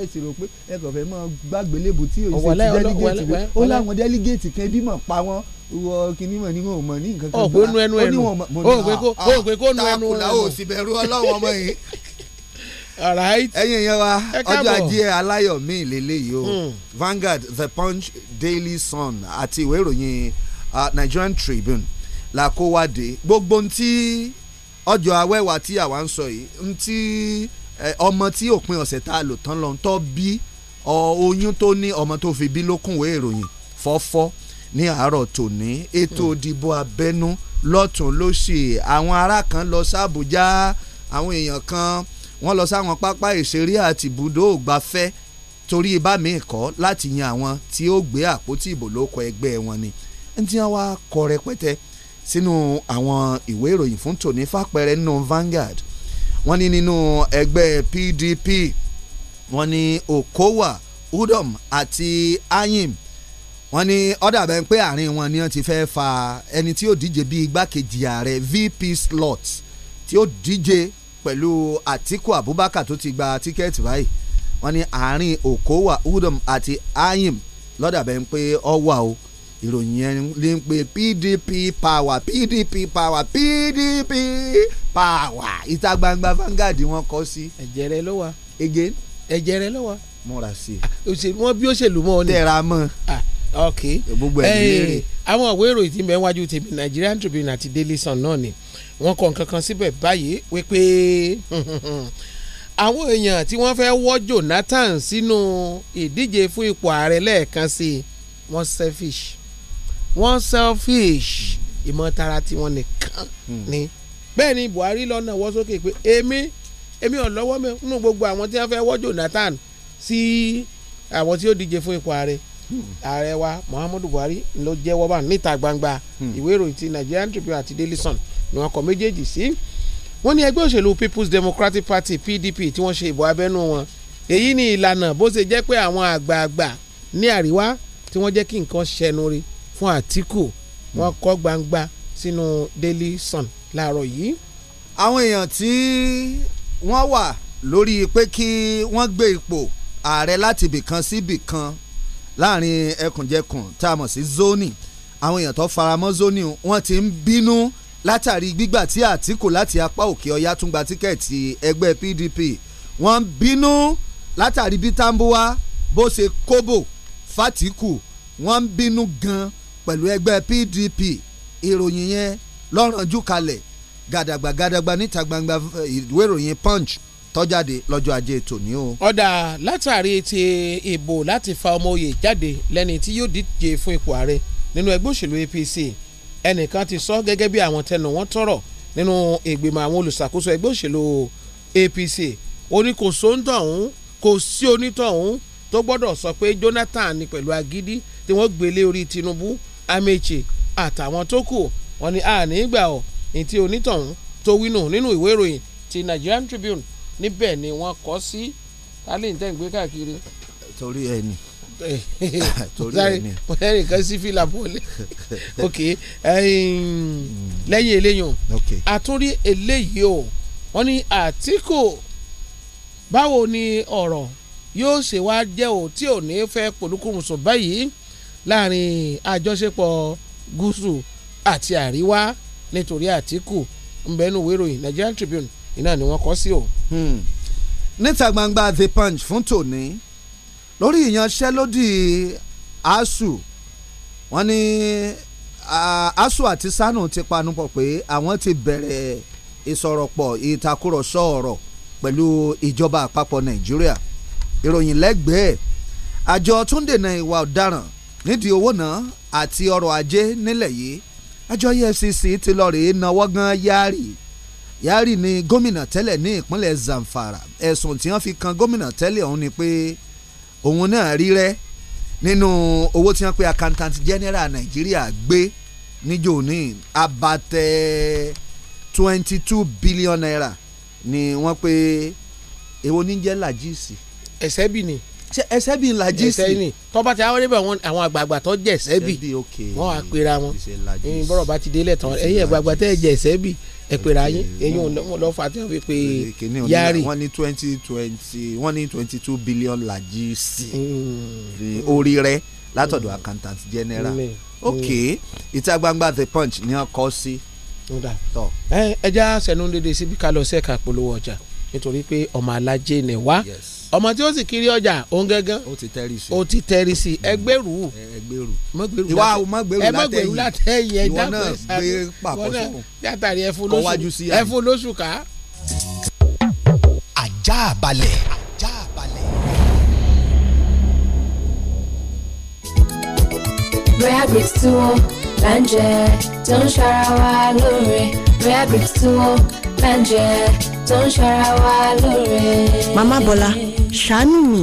ẹ sì rò pé ẹ kàn fẹ́ máa gbàgbé lébu tí òun ti délígéètì rẹ ó láwọn délígéètì kan bí mọ̀ pa wọ́n wọ kíní mọ̀ ní wọn ò ní nǹkan kan. ọ̀gbẹ́ nu ẹnu ẹnu kó nu ẹnu ẹnu. takùlà ò sì bẹ̀rù ọlọ́wọ́ ọmọ yìí (laughs) ẹ̀yin yẹn wa ọjọ́ ajé aláyọ̀ mi lélẹ́yìí o hmm. Vanguard The Punch Daily Sun àti ìwé ìròyìn uh, Nigerian Tribune la kó wá dé gbogbo ntí ọjọ́ awẹ́wà tí àwa ń sọ yìí ntí ọmọ tí òpin ọ̀sẹ̀ tá a lò tán lọ ń tọ́ bí oyún tó ní ọmọ tó fi bí lókùnwé ìròyìn fọ́fọ́ ní àárọ̀ tòní ètò hmm. ìdìbò abẹ́nú lọ́tún lósì àwọn ará kan lọ sí Àbújá àwọn èèyàn kan wọ́n lọ sáwọn pápá ìṣeré àti ibùdó ògbafẹ́ torí bá mi kọ́ láti yan àwọn tí ó gbé àpótí ìbò lóko ẹgbẹ́ wọn ni ẹni tí wọ́n wá kọ rẹpẹtẹ sínú àwọn ìwé ìròyìn fún tòní fàpẹrẹ nínú Vanguard wọ́n ní nínú ẹgbẹ́ PDP wọ́n ní Okowa Udom àti Anyim wọ́n ní ọ̀dà bẹ́ẹ̀ pé àárín wọn ni wọ́n ti fẹ́ fa ẹni tí ó díje bíi igbákejì ààrẹ VP slot tí ó díje pẹ̀lú Àtíkù Abubakar tó ti gba tíkẹ́ẹ̀tì báyìí wọ́n ní àárín Okowa Udom àti Ayim lọ́dàbẹ̀ ń pé ọwà o ìròyìn yẹn ní ń pé PDP power PDP power PDP power ìta gbangba Vanguard wọ́n kọ sí. ẹ̀jẹ̀ rẹ ló wà. again. ẹ̀jẹ̀ rẹ ló wà. múra sí i. wọ́n bí ó ṣèlú mọ́ ọ ni. tẹ̀ra mọ́. Ah ok gbogbo ẹ̀ léèrè. àwọn òwe ìròyìn tí ń bẹ wájú tèmi Nigerian Tribune àti Daily Sun náà ni wọ́n kọ nǹkan kan síbẹ̀ báyìí wípé (laughs) àwọn èèyàn tí wọ́n fẹ́ wọ́ Jonathan sínú ìdíje fún ipò ààrẹ lẹ́ẹ̀kan sí i wọ́n selfish wọ́n selfish ìmọ̀tara tiwọn nìkan hmm. ni bẹ́ẹ̀ ni Buhari lọ́nà wọ́ sókè pé èmi èmi ò lọ́wọ́ mi nínú gbogbo àwọn tí wọ́n fẹ́ wọ́ Jonathan sí àwọn tí ó díje fún ipò ààrẹ ààrẹ wa Muhammadu Buhari ló jẹ́wọ́ bá níta gbangba hmm. ìwé ìròyìn ti Nigerian Tribune àti Daily Sun ni wọ́n kọ méjèèjì sí. wọ́n ní ẹgbẹ́ òṣèlú People's Democratic Party PDP tí wọ́n ṣe ìbò abẹ́nú wọn èyí ni ìlànà bó ṣe jẹ́ pé àwọn àgbààgbà ní àríwá tí wọ́n jẹ́ kí nǹkan ṣẹnu rí fún Àtíkù hmm. wọ́n kọ gbangba sínú Daily Sun láàárọ̀ yìí. àwọn èèyàn tí wọ́n wà lórí pé kí wọ́n gbé ipò ààrẹ láti ibìkan sí ibìkan láàrin ẹkùnjẹkùn tá a mọ̀ sí zoni àwọn èèyàn tó faramọ́ zoni wọ́n ti ń bínú látàrí gbígbà tí Àtìkù láti apá òkè ọ̀yá tún gba tíkẹ́ẹ̀tì ẹgbẹ́ PDP wọ́n ń bínú látàrí bí Tambuwa bó ṣe kóbò fatiku wọ́n ń bínú gan pẹ̀lú ẹgbẹ́ PDP ìròyìn yẹn lọ́rànjú kalẹ̀ gàdàgbà gàdàgbà níta gbangba eh, ìwé Punch tọ́jáde lọ́jọ́ ajé tòní o. ọ̀dà látàrí ti ìbò láti fa ọmọ oyè jáde lẹ́ni tí yóò díje fún ipò ààrẹ nínú ẹgbẹ́ òṣèlú APC ẹnìkan ti sọ gẹ́gẹ́ bí àwọn tẹnu wọn tọrọ nínú ìgbìmọ̀ àwọn olùṣàkóso ẹgbẹ́ òṣèlú APC ó ní kò sóńtọ̀hún kò sí onítọ̀hún tó gbọ́dọ̀ sọ pé Jonathan ni pẹ̀lú agídí tí wọ́n gbé lé orí Tinubu Amechi àtàwọn tó kù wọn ni àní ìgbà ọ̀ ní ti onítọ̀hún tó wínú nínú ìwé ìròyìn ti Nigerian Tribune níbẹ̀ ni wọ́n kọ́ sí tálíǹ tẹ̀ ń gbé káàkiri. torí ẹ ni (laughs) torí ẹ ni. mo rẹ́ nìkan sí fìlà bọ́ọ̀lì (laughs) ok lẹ́yìn eléyìí o àtúndí eléyìí o wọ́n ní Àtíkù báwo ni ọ̀rọ̀ yóò ṣe wá jẹ́ o tí ò ní fẹ́ pòlúkùmùsùn báyìí láàrin àjọṣepọ̀ gúúsù àti àríwá nítorí Àtíkù ńbẹ́nu ìwé Nigerian Tribune iná ni wọ́n kọ́ sí o. Hmm. níta gbangba the punch fún tòní lórí ìyanṣẹ́lódì asu wọ́n ní asu àti sanu ti panupọ̀ pé àwọn ti bẹ̀rẹ̀ ìsọ̀rọ̀pọ̀ ìtakùrọ̀sọ ọ̀rọ̀ pẹ̀lú ìjọba àpapọ̀ nàìjíríà ìròyìn lẹ́gbẹ̀ẹ́ àjọ tó ń dènà ìwà ọ̀daràn nídìí owó náà àti ọrọ̀ ajé nílẹ̀ yìí àjọ EFCC ti lọ rèé nawọ́ gan yáàrì Yari ni gómìnà tẹ́lẹ̀ ní ìpínlẹ̀ Zamfara ẹ̀sùn tí wọ́n fi kan gómìnà tẹ́lẹ̀ ọ̀hún ni pé òun náà rírẹ́ nínú owó tí wọ́n pe accountant general Nàìjíríà gbé níjó ní abatẹ twenty two billion naira ni wọ́n pe èwo ní jẹ́ làjíìsì. ẹ̀sẹ̀ bì ni ẹsẹ bíi lajì sí ẹsẹ ni tọba ti awọlé bẹ àwọn àgbààgbà tó jẹ ẹsẹ bíi wọn wá pera wọn bọrọ bá ti délẹ tán ẹ̀yin àgbààgbà tẹ jẹ ẹsẹ bíi ẹ pera yín eyín lọ́fà tí wọ́n fi pe yari. wọ́n ní twenty twenty one ní twenty two billion La lajì sí orí rẹ látọ̀dọ̀ accountant general ok mm. ìta gbangba the punch ni wọ́n kọ́ sí. ẹ ẹ já sẹnu dédé síbi ká lọ sẹ́ka polówó ọjà nítorí pé ọmọ alájẹ ni wá ọmọ tí ó sì kiri ọjà òun gángan ó ti tẹ́rì sí ó ti tẹ́rì sí ẹgbẹ́rù mm. ẹgbẹ́rù ìwà mọ̀gbẹ́rù látẹ̀yìn ẹ̀dá pẹ̀sà ìwọ náà gbé pàpọ̀ sóhun yàtàrí ẹ̀fún lóṣù ká. ajá balẹ̀. ajá balẹ̀. Rare grits tí wọ́n lẹ́ńjẹ tó ń ṣara wa lóore Royal tí wọ́n lẹ́ńjẹ tó ń ṣara wa lóore. Màmá Bọ́lá ṣàánú mi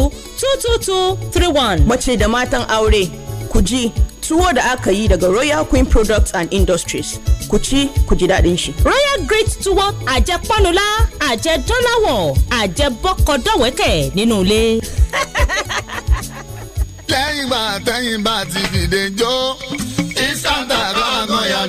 022231. Mace da matan aure, ku ji tuwo da aka yi daga Royal Queen Products and Industries. Ku ci, ku ji daɗin shi. Royal Great Tuwo àjẹ Pọ́nulá, àjẹ Dọ́láwọ̀, àjẹ Bọ́kọ̀dọ̀wẹ́kẹ̀ nínú ilé. Lẹ́yìn bá tẹ́yìn bá ti fìdè jó santa bá mọ ya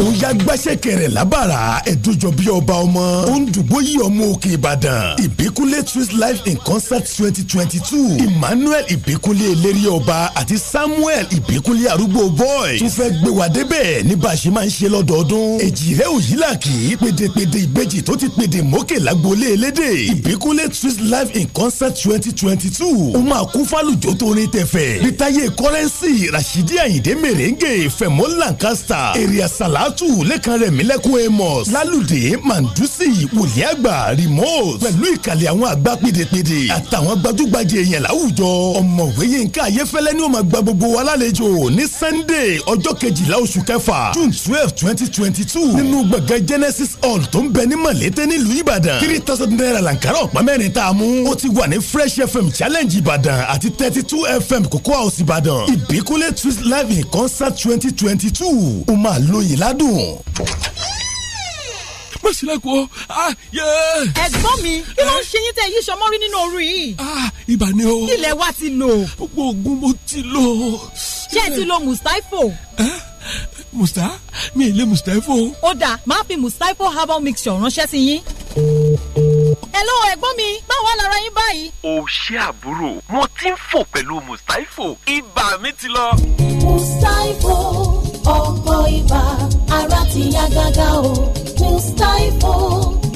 ó yá gbàṣẹ kẹrẹ lábàrà ẹdójọ bí ọba ọmọ ó ń dùgbò yí ọmọ òkè ìbàdàn ìbíkúlẹ̀ twist life in concert twenty twenty two emmanuel ìbíkúlẹ̀ eléré ọba àti samuel ìbíkúlẹ̀ arúgbó boy tún fẹ́ gbé wa débẹ̀ ní bá a ṣe máa ń ṣe lọ́dọọdún èjì rẹ ò yí làkì pédépédé ìbejì tó ti pédé mókè lágboolé elédè ìbíkúlẹ̀ twist life in concert twenty twenty two ó máa kún fálùjọ tó ní tẹ̀fẹ̀ bí táyé kọ́rẹ́nsì rashidi ayinde mèrèǹgè ìfẹ̀mọ́ lancaster èrìà sàlátù lẹ́kan rẹ̀ mílẹ́kùn amos lálùdé mandusi wòlíàgbà remote pẹ̀lú ìkàlẹ̀ àwọn àgbà pédepéde àtàwọn gbajúgbajà èèyàn láwùjọ ọ̀mọ̀wé yínká ayéfẹ́lẹ́ ni ó máa gba gbogbo wa lálejò ní sunday ọjọ́ kejìlá oṣù kẹfà june twelve twenty twenty two nínú gbọ̀ngàn genesis hall tó ń bẹ ní mọ̀lẹ́tẹ̀ nílùú ìbàdàn three thousand naira làǹkárá ọ̀pá mẹ́rin tá a mú ó ti wà ní fresh fm challenge ìbàdàn àti thirty two fm kókó house ìbàdàn ìbíkúlẹ̀ twist live in concert twenty twenty twenty two ó máa lóye ládùn má sí lẹ́kọ̀ọ́. Ah, ẹ̀gbọ́n mi kí ló ń eh. ṣe yín tẹ́ yí sọmọ́ rí nínú òru yìí. Ah, ibà ni o. ilẹ̀ wa ti lò. gbogbo oògùn mo ti lò. ṣé ẹ ti lo mustapho. Eh, musta mi ì lé mustapho. ó dáa máa fi mustapho herbal mixture ránṣẹ́ sí yín. Hello ẹ̀gbọ́n mi, báwo lára yín báyìí? O ṣé àbúrò, mo ti ń fò pẹ̀lú Mùsáífò, ibà mi ti lọ. Mùsáífò, ọkọ̀ ibà, ara ti yá gágá o, Mùsáífò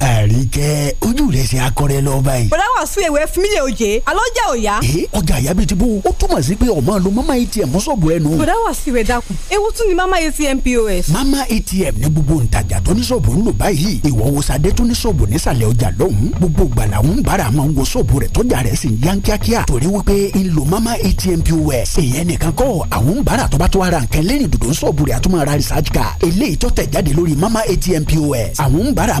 àríkẹ́ ojú rẹ̀ ṣe akọrẹ lọ báyìí. bọ̀dá wà sún ewé fún mi oje alọ́ jẹ́ òya. ee ọjà àyà bíi ti bó o túmọ̀ sí pé ọmọ lo mama atm mọ́sọ̀bù rẹ nù. bọ̀dá wà sí ìwé dákun ewu tún ni mama atm pos. mama atm ní gbogbo ntajà tó ní sọ̀bù ń lò báyìí ìwọ wo sadé tó ní sọ̀bù nísàlẹ̀ ọjà lọ́hùn-ún gbogbo gbala ń bára máa ń wo sọ̀bù rẹ̀ tọ́jà rẹ̀ sì yan kíákíá torí mama atm pos èèyàn nìkan kọ́ àwọn ń bára tó bá tó ara nǹkan lẹ́yìn dòdò sọ̀bù rẹ̀ àtúmọ̀ ara mama atm pos àwọn ń bára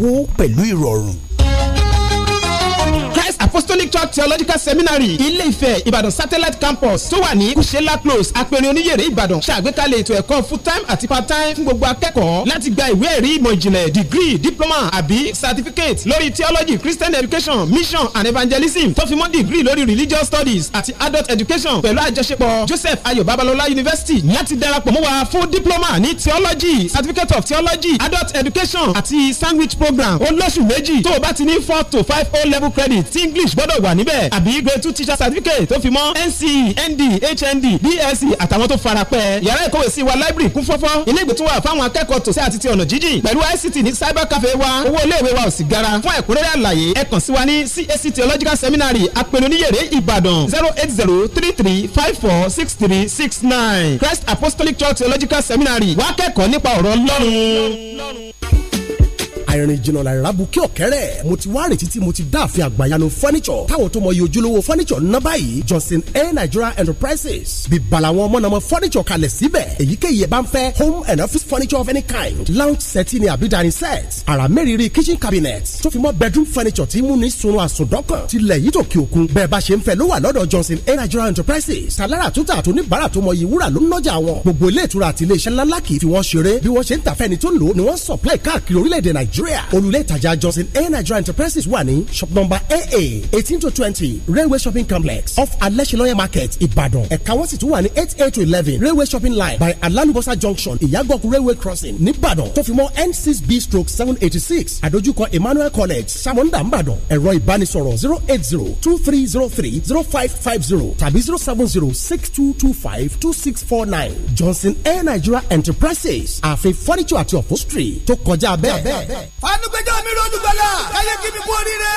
ìnáwó pẹ̀lú ìrọ̀rùn apostolic church theological seminary ilé ifẹ̀ ìbàdàn satellite campus tó wà ní kùsẹ́lá close apẹ̀rẹ̀ oníyèrè ìbàdàn ṣàgbékalẹ̀ ètò ẹ̀kọ́ full time àti part time fún gbogbo akẹ́kọ̀ọ́ láti gba ìwé ẹ̀rí ìmọ̀ ìjìnlẹ̀ degree diploma àbí certificate lórí theology christian education mission and evangelism tó fi mọ́ degree lórí religious studies àti adult education pẹ̀lú àjọṣepọ̀ joseph ayo babalọla university láti darapọ̀ mọ́ wa fún diploma ní theology certificate of theology adult education àti sandwich program olóṣù méjì tó o bá ti ní four to five o level credit tí ń english gbọ́dọ̀ wà níbẹ̀ àbí grade two teacher certificate tó fi mọ́ nce nd hnd bsc àtàwọn tó fara pẹ́ yàrá ìkọ́wé sí wa library kún fọ́fọ́ ilé ìgbé tún wà fáwọn akẹ́kọ̀ọ́ tòsí àti ti ọ̀nà jíjìn pẹ̀lú ict ní cyber cafe wa owó iléèwé wa ò sì gara fún ẹ̀kúnrẹ́rẹ́ àlàyé ẹ kàn sí wa ní cac theological seminary apẹ̀lú níyèrè ìbàdàn zero eight zero three three five four six three six nine christ apostolic church theological seminary wà á kẹ́kọ̀ọ́ nípa ọ̀rọ̀ ọlọ́run àìrìnjìnà làràbùkí ọ̀kẹ́rẹ́ mo ti wá rètí tí mo ti dá àfin àgbàyanu furniture táwọn tó mọ iye ojúlówó furniture ń ná báyìí Johnson A Nigeria Enterprises bíbalà wọn mọ̀nàmọ́ furniture kalẹ̀ síbẹ̀ èyíkéyìí ẹ̀ bá ń fẹ́ home and office furniture of any kind lounge set ni àbí dining set àrà mẹ́rìírí kitchen cabinet tó fi mọ́ bedroom furniture tí mú ní sunun àsùndọ́kàn tilẹ̀ yìí tó kí òkun bẹ́ẹ̀ bá ṣe ń fẹ́ ló wà lọ́dọ̀ Johnson A Nigeria Enterprises tàlára àtúntà àtúníbàárà tó mọ iye wúrà ló ń nọ́jà wọn gbogbo ilé ìtura àti ilé iṣẹ́ ńláńlá kì í fi wọ́n ṣeré bí wọ́n ṣe ń tàfẹ́ni tó ń lò ó ni wọ́n supply káàkiri orílẹ̀-èdè Nigeria olùlé ìtajà Johnson Air Nigeria Enterprises wà ní shop number AA eighteen to twenty railway shopping complex off alẹ́sẹ̀lọ́yẹ̀ market Ìbàdàn ẹ̀ka wọ́n sì tún wà ní eight eight to eleven railway shopping line by Alalubosa junction Ìyàgànkù railway crossing nìbàdàn tó fi mọ́ n six b stroke seven eighty six àdójúkọ Emmanuel college Samonda Ìbàdàn ẹ̀rọ ìbánisọ̀rọ̀ zero eight zero two three zero three zero five five zero tàbí zero seven zero six two two five two six four nine Johnson Air Nigeria Enterprises àfi furniture àti upholstery tó kọjá bẹ́ẹ̀ fanugbeja mi ronú gbala káyé kí mi kú oríire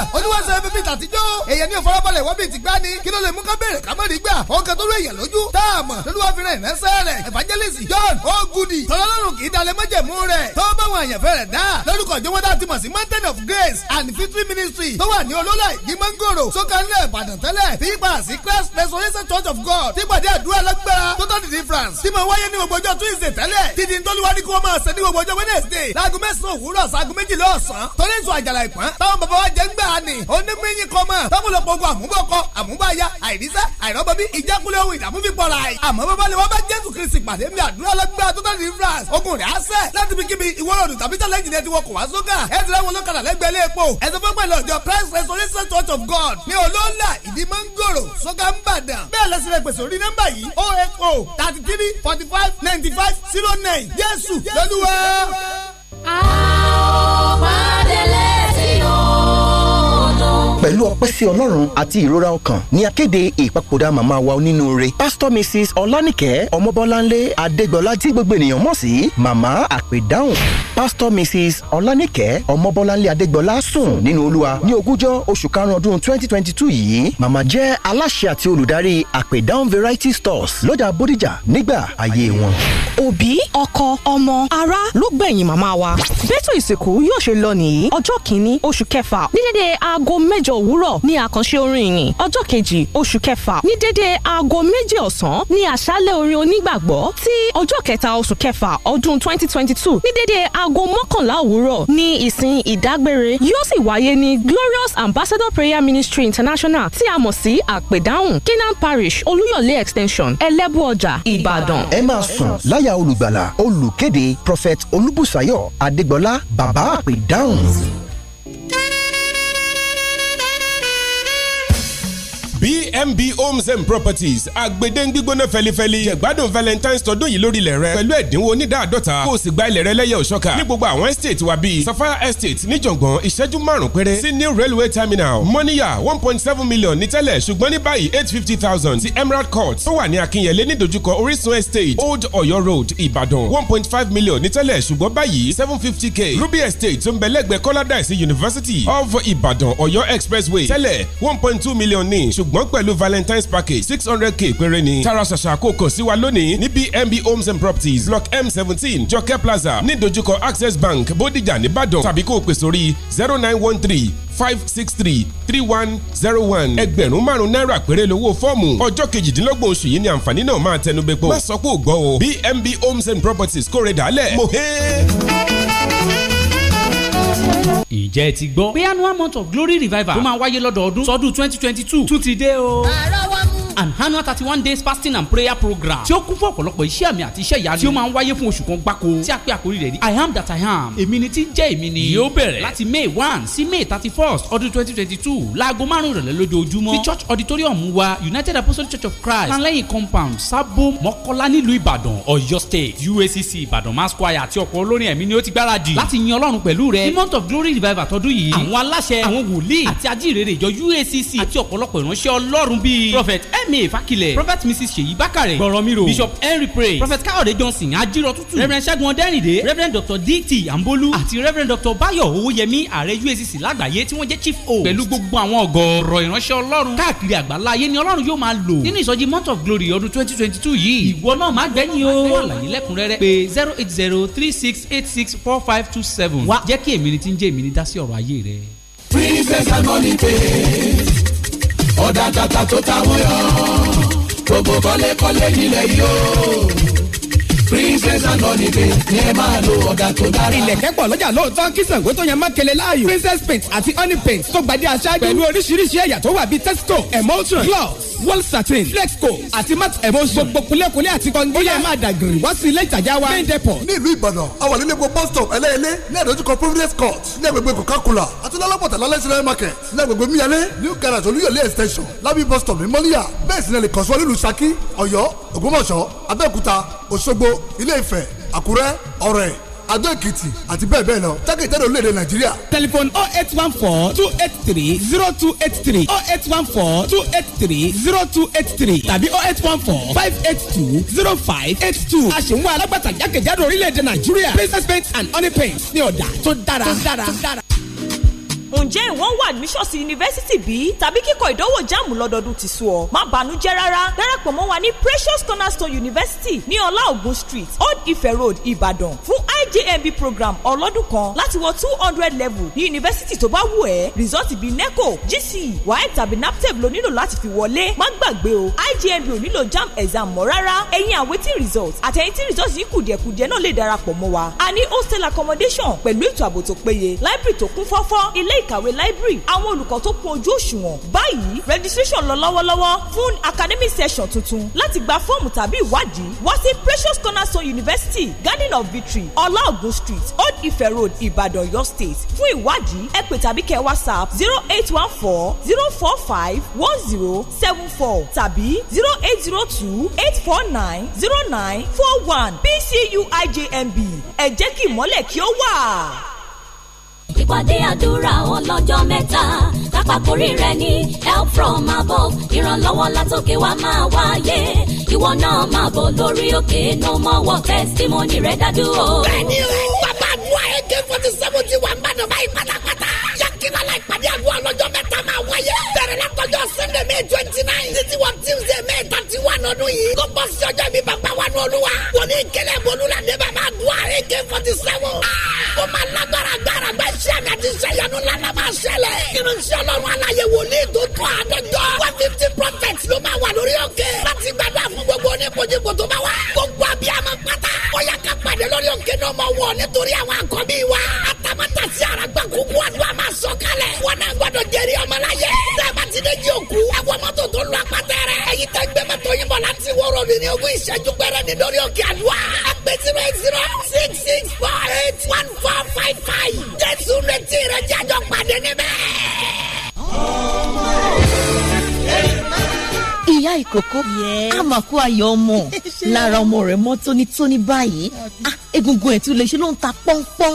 náà oníwàsàn bíbí tàtijọ́ èyàn ní ìfọwọ́balẹ̀ wọ́n bí ti gbá ni kí ló lè mú ká bèrè ká mọ̀rí gbà òun kan tó ló èyàn lójú táàmù lóluwà fi rẹ̀ rẹ́sẹ̀ rẹ̀ evangelist John Ogudi tọ́lọ́lọ́run kì í dalẹ̀ mọ́jẹ̀mú rẹ̀ tó bá wọn àyànfẹ́ rẹ̀ dá lórúkọ jẹ́wọ́dá ti mọ̀ sí mountain of grace and victory ministry tó wà ní olólà ìdí mọ́ngòrò sókànlẹ̀ Ìbàdàn tẹ́lẹ̀ tí ipa sí Christ resurrection church of God tí pàdé àdúrà lágbára total deliverance tí mo wáyé ní gbogbo ọjọ́ Tuesday tẹ́lẹ̀ títí ntọ́lúwa ní kí wọ́n máa ṣe ní gbogbo ọjọ́ Wednesday láago mẹ́sàn-án òwúrọ̀ ṣaago méjìlá ọ̀sán torí ìsọ àjàlá ìpọ́n táwọn bàbá wa jẹ́ ń gbà ni onímọ̀yìn kọ́ mọ̀ tọ́kùnlọ́pọ̀ ogun àmúbọ̀kọ àmúbáyá àìríṣẹ́ àìrọ́bọbí ìjákulẹ̀ ohun ìdààmú fi pọ̀ra ẹ̀. àmọ́ bàbá ni wọ́n bá jésù kristi pàdé mi àdúrà lọ́gbà total deliverance ogun rẹ̀ á sẹ̀ láti bí kíbi ìwọ́rọ̀dù tàbí challenge ni tiwọn kò wá sókà ẹ ti rẹ́wọ̀n lọ́kàlà lẹ́gbẹ̀ẹ́ lẹ́ẹ̀pọ̀ ẹ sọ fún pẹ̀lú ọjọ́ Christ Restoration Church of God ní olóńlà ìdí mọ́ngòrò sọ́gà ń bàdàn bẹ́ẹ̀ lẹ́sìn rẹ̀ pèsè orí nọ́mbà yìí o oh eight o oh, thirty three forty five ninety five zero nine jésù lọ́lúwa. àwọn pàdé lẹ́sìn pẹ̀lú ọpẹ́ sí ọlọ́run àti ìrora ọkàn ni akéde ìpapòdà màmá wa onínúure pásítọ̀ mrs ọlánìkẹ́ ọmọbọ́láńlé adégbọlá tí gbogbo ènìyàn mọ̀ sí màmá àpèdáhùn pásítọ̀ mrs ọlánìkẹ́ ọmọbọ́láńlé adégbọlá sùn nínú olúwa ní ogúnjọ́ oṣù karùn-ún ọdún twenty twenty two yìí màmá jẹ́ aláṣẹ àti olùdarí àpèdáhùn variety stores lọ́jà bódìjà nígbà ayé wọn. òbí ọkọ ọmọ ará ló gbẹ̀yìn màmá wa bẹ́tò ìsìnkú yóò ṣe lọ nìyí ọjọ́ kìíní oṣù kẹfà ní dédé aago mẹ́jọ òwúrọ̀ ní àkànṣe orin ìyìn ọjọ́ kejì oṣù kẹfà ní dédé aago méjì ọ̀sán ní àṣálẹ̀ orin onígbàgbọ́ tí ọjọ́ kẹta oṣù kẹfà ọdún twenty ní dédé aago aago mọ́kànlá òwúrọ̀ ní ìsìn ìdágbére yóò sì wáyé ní Glorious Ambassador Prayer Ministry International tí a mọ̀ sí àpèdáhùn Kenan Parish Olúyọ̀lé Extension Ẹlẹ́bù ọjà Ìbàdàn. ẹ máa sùn láyà olùgbàlà olùkéde Prophet Olúbùsáyọ̀ Adégbọlá bàbá àpèdáhùn. MB Homes and Properties àgbèdè ń gbígbóná fẹlifẹli jẹ̀gbádùn Valentine's tọdún yìí lórí ilẹ̀ rẹ pẹ̀lú ẹ̀dínwó onídàádọ́ta kó o sì gba ilẹ̀ rẹ lẹ́yẹ òṣọ́ka ní gbogbo àwọn estate wa bíi Sapphire Estate níjọ̀ngàn ìṣẹ́jú márùn-ún péré sí New Railway Terminal Mọ́níyà one point seven million ní tẹ́lẹ̀ ṣùgbọ́n ní báyìí eight fifty thousand ti Emerald Court tó wà ní Akínyẹlé nídojúkọ Orísun Estate Old Oyo Road Ìbàdàn one point five million ní tẹ́lẹ̀ ṣùgbọ́n báyìí seven fifty k Ruby Estate tó ń bẹ lẹ́gbẹ̀ẹ́ Kọ́ládàísí University of Ìbàdàn Expressway tẹ́lẹ̀ one million ní ṣùgbọ́n pẹ̀lú valentines package six hundred k péré ni tara ṣàṣà kò kàn sí wa lónìí ní bnb homes and properties block m seventeen jọkẹ́ plaza ní dojúkọ access bank bódìjà nìbàdàn tàbí kó o pè zero nine one three five six three three one zero one ẹgbẹ̀rún márùn-ún náírà péré lówó fọ́ọ̀mù ọjọ́ kejìdínlógún oṣù yìí ni àǹfààní náà máa tẹnu bẹ́pọ̀ má sọ pé ò gbọ́ o bnb homes and properties kórè dálẹ̀ mo hẹ́ẹ́ ìjẹ́ ẹ ti gbọ́. bóyá one month of glory revival tó máa wáyé lọ́dọọdún sọdún twenty twenty two tún ti dé o. àrọ́wọ́ mú And annual thirty one days fasting and prayer program tí ó kún fún ọ̀pọ̀lọpọ̀ iṣẹ́ àmì àti iṣẹ́ ìyanu tí ó máa ń wáyé fún oṣù kan gbáko tí a pè àkórí rẹ̀ ní i am that i am èmi ni tí jẹ́ èmi ni yóò bẹ̀rẹ̀ láti may one sí may thirty first ọdún twenty twenty two láago márùn-ún ìrọ̀lẹ́ lójoojúmọ́ ní church auditorium wa united apostolic church of christ lanlẹ́yìn compound sábò mọ́kọ́lá nílùú ìbàdàn ọ̀yọ́ state uacc ìbàdàn mass choir àti ọ̀pọ̀ olórin ẹ̀mí ni ó ti gbáradì láti yin ọlọ́run pẹ̀lú rẹ̀ ní month of glory revival tọdún yìí àwọn aláṣẹ àwọn wòlíì àti ajíhìnrere ìjọ uacc àti ọ̀pọ̀lọpọ̀ ìránṣẹ́ ọlọ́run bíi prophet m ma ìfàkìlẹ̀ prophet mrs ṣèyí bákàrẹ̀ gbọ̀rọ̀miro bishop henry pray prophet káyọ̀dé johnson ajírọ̀tútù reverend ṣẹ́gun ọ̀dẹ́rìndé reverend dr dt ambolu àti reverend dr bayo owóyẹmí ààrẹ uacc lágbàáyé tí wọ́n jẹ́ chief o pẹ̀lú gbogbo àwọn ọ̀gọ̀ọ̀rọ̀ ìránṣẹ́ ọlọ́run káàkiri àgbáńlá ayé ni ọlọ́run yóò máa lò nínú ìsọjí mount of glory ọdún twenty twenty two yìí ìwọ náà má gbẹ́yìn o àlàyé lẹ́kùnrẹ́rẹ́ pé zero eight zero three six eight six four five two seven wá jẹ́ kí èmi ni ti ń jẹ́ èmi ni dá sí ọ̀rọ̀ ayé rẹ. princess harmony pay ọ̀dà tata tó táwọn yọ gbogbo kọ́lékọ́lé nílẹ̀ yìí ó princess and holiday ní ẹ máa lo ọ̀dà tó dára. ilẹ̀kẹ̀ pọ̀ lọ́jà lóòótọ́ kí Ṣàngó tó yan mákele láàyò princess paint àti honey paint tó gbadé aṣáájú pẹ̀lú oríṣiríṣi ẹ̀yà tó wà bíi testo emulsion gloss wall satin flexco àti max emotion gbogbo kulẹ̀kulẹ̀ àti kọ́ngílẹ̀ ó yẹ máa dàgìrì wá sí ilé ìtajà wa main depot. ní ìlú ìbàdàn àwọn ilé epo bus stop ẹlẹ́yẹlé ní àdójúkọ providence court ní agbègbè coca-cola àti lọ́lọ́pọ̀tà lálẹ́sẹ̀rẹ́ market ní agbègbè miyalé new garage olúyọ̀lé extension lábí bus stop ní mọ́níyà bẹ́ẹ̀ sì ni ẹ̀lẹ́kọ̀ọ́sọ́ nílùú saki ọ̀yọ́ ògbómọ̀ṣọ́ abẹ́òkúta òṣogbo ilé ifẹ̀ àkúrẹ́ ọ̀rẹ́ adó èkìtì àti bẹ́ẹ̀ bẹ́ẹ̀ lọ jákèjádò orílẹ̀-èdè nàìjíríà. tẹlifon oh eight one four two eight three zero two eight three oh eight one four two eight three zero two eight three tàbí oh eight one four five eight two zero five eight two. a ṣe ń wá alágbàtà jákèjádò orílẹ̀-èdè nàìjíríà business paint and honey paint ní ọ̀dà tó dára. tó dára ǹjẹ́ ìwọ́n wà admission sí yunifásítì bí? tàbí kíkọ ìdánwò jáàmù lọ́dọọdún ti sú ọ? má bànújẹ́ rárá darapọ̀ mọ́ wa ní Precious Cornerstone University ní ọlá ògùn street Old Ife Road Ìbàdàn fún IJMB program ọlọ́dún kan láti wọ two hundred level ní yunifásítì tó bá wù ẹ́ rìsọ́ọ̀tì bíi NECO GCE WAEC tàbí NAPTEP ló nílò láti fi wọlé má gbàgbé o IJMB ò nílò JAMB exam mọ́ rárá ẹ̀yin àwetí result àtẹ̀yìn tí result yìí kùdìẹ̀kùdìẹ̀ náà lè darapọ̀ mọ́ wa a ní hostel accommodation pẹ̀lú ètò ààbò tó péye library tó kún fọ́fọ́ ilé ìkàwé library àwọn olùkọ́ tó kún ojú òṣùwọ̀n báyìí registration lọ lọ́wọ́lọ́wọ́ fún academic session tuntun láti gba fọ́ọ̀mù tàbí ìwádìí wá sí precious cornerstone university garden of victory ọláògùn street old ife road ìbàdàn ọ̀yọ́ state fún ìwádìí ẹ pè tàbí kẹ whatsapp zero eight one four zero four five one zero seven four tàbí zero eight zero two eight four nine zero nine four one pcuijmb ẹ jẹ́ kí ìmọ́lẹ̀ kí ó wà ìpàdé àdúrà ọlọ́jọ́ mẹ́ta lápapòrí rẹ̀ ní help from above ìrànlọ́wọ́ látòkè wá máa wáyé ìwọ náà máa bọ̀ lórí òkè no more war testimony rẹ̀ dájú o. bẹ́ẹ̀ni o bàbá àdúrà ak forty seven ti wà ń bàdàn báyìí pátápátá yakina la ìpàdé àdúrà ọlọ́jọ́ mẹ́ta máa wáyé bẹ̀rẹ̀ látọjọ́ sunday may twenty nine títí wọ tuesday may thirty one ọdún yìí kó bọ́ sí ọjọ́ mi bàbá wa nù olúwa wọ́n ní ìkẹlẹ̀ bọ́lú làdé bàbá àdúrà ak forty seven ah! ó máa lágbára g gbàgbé iṣẹ́ mi àti iṣẹ́ yanu máa ṣẹlẹ̀. nínú ọlọ́run aláyẹ wòlíì tó tó àádọ́jọ́. one fifty prophet ló máa wà lórí òkè. láti gbàdúrà fún gbogbo oníkojúkò tó bá wà. gbogbo abiyamọ pátá. ọ̀yà ká pàdé lórí òkè náà mọ̀ wọ̀ nítorí àwọn àkọ́bí wa. àtàmọ́tà àràgbà kúkú àdúrà máa sọ kalẹ̀. wọn náà gbọ́dọ̀ jẹ́rìí eight one four five five. jésù retí rẹ jájọ pàdé níbẹ̀. ìyá ìkókó àmàkù ayọ̀ ọmọ (laughs) lára ọmọ rẹ̀ mọ́ tónítóní báyìí ah, egungun ẹ̀ tún lè ṣe ló ń ta pọ́npọ́n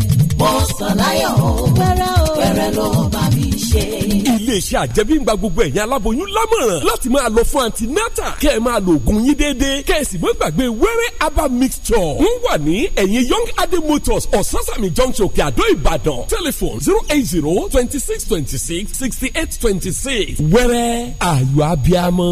Bọ́sàláyọ̀ pẹ̀rẹ̀ o pẹ̀rẹ̀ ló bá mi ṣe. Iléeṣẹ́ àjẹmíngba gbogbo ẹ̀yin aláboyún lámọ̀ràn láti máa lọ fún antinata kẹ́ ẹ máa lo oògùn yín déédéé kẹ́ ẹ sì mọ́ gbàgbé wẹ́rẹ́ aba mixture. Wọ́n wà ní ẹ̀yìn Young Adé Motors Ososami Junction Òkè Àdó Ìbàdàn. Telephone zero eight zero twenty six twenty six sixty eight twenty six. Wẹ́rẹ́ ayọ̀ abiamọ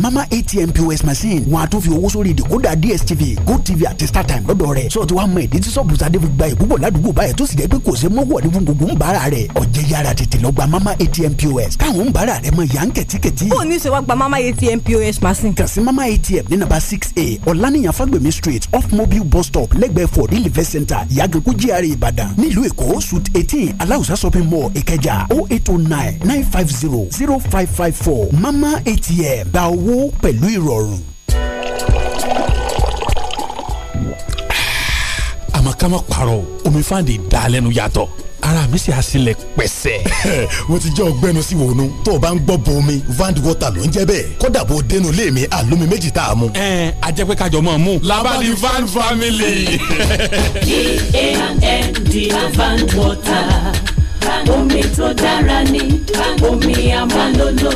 mama atm pos machine wọn a tún fi owó sórí dekoda dstv gotv àti startime lọ́dọ̀ rẹ̀ sọ ti wá mọ ìdí tí sọ́ọ̀bù sadé fi gba ìbúbọ̀ ládùúgbò báyẹn tó sì jẹ́ pé kò ṣe mọ́wọ́ ní gbogbo ń bára rẹ̀ ọ̀jẹ̀ yára tètè lọ gba mama atm pos káwọn ń bára rẹ̀ mọ yà ń kẹ̀tíkẹ̀tí. ó ní ṣe gba mama atm pos machine. kàn sí mama atm ní nàbà six a ọ̀lànìyàn fagbemi street off mobile bus stop lẹ́gbẹ̀ẹ́ for delivery center yàgànkú gr ìbàdàn nílùú èkó suit eighteen aláùsá shopping mall ìkẹjà o oh eight o oh nine nine five zero zero five five four mama atm gba owó owó pẹ̀lú ìrọ̀rùn. Ah, àmọ́ ká má parọ́ omi fáǹdì ìdálẹ́nu yàtọ̀ ara mi sì á sílẹ̀ pẹ̀sẹ̀. (laughs) mo ti jẹ́ ọgbẹ́nu sí wònú. tó o bá ń gbọ́ bo omi vand water ló ń jẹ́ bẹ́ẹ̀. kódà bó o dénú lé mi àlómi méjì tá a mú. ẹ a jẹ́ pé kájọ mọ̀ mú. labadi van family. g-a-n-d van water omi tó dára ní omi amalolo.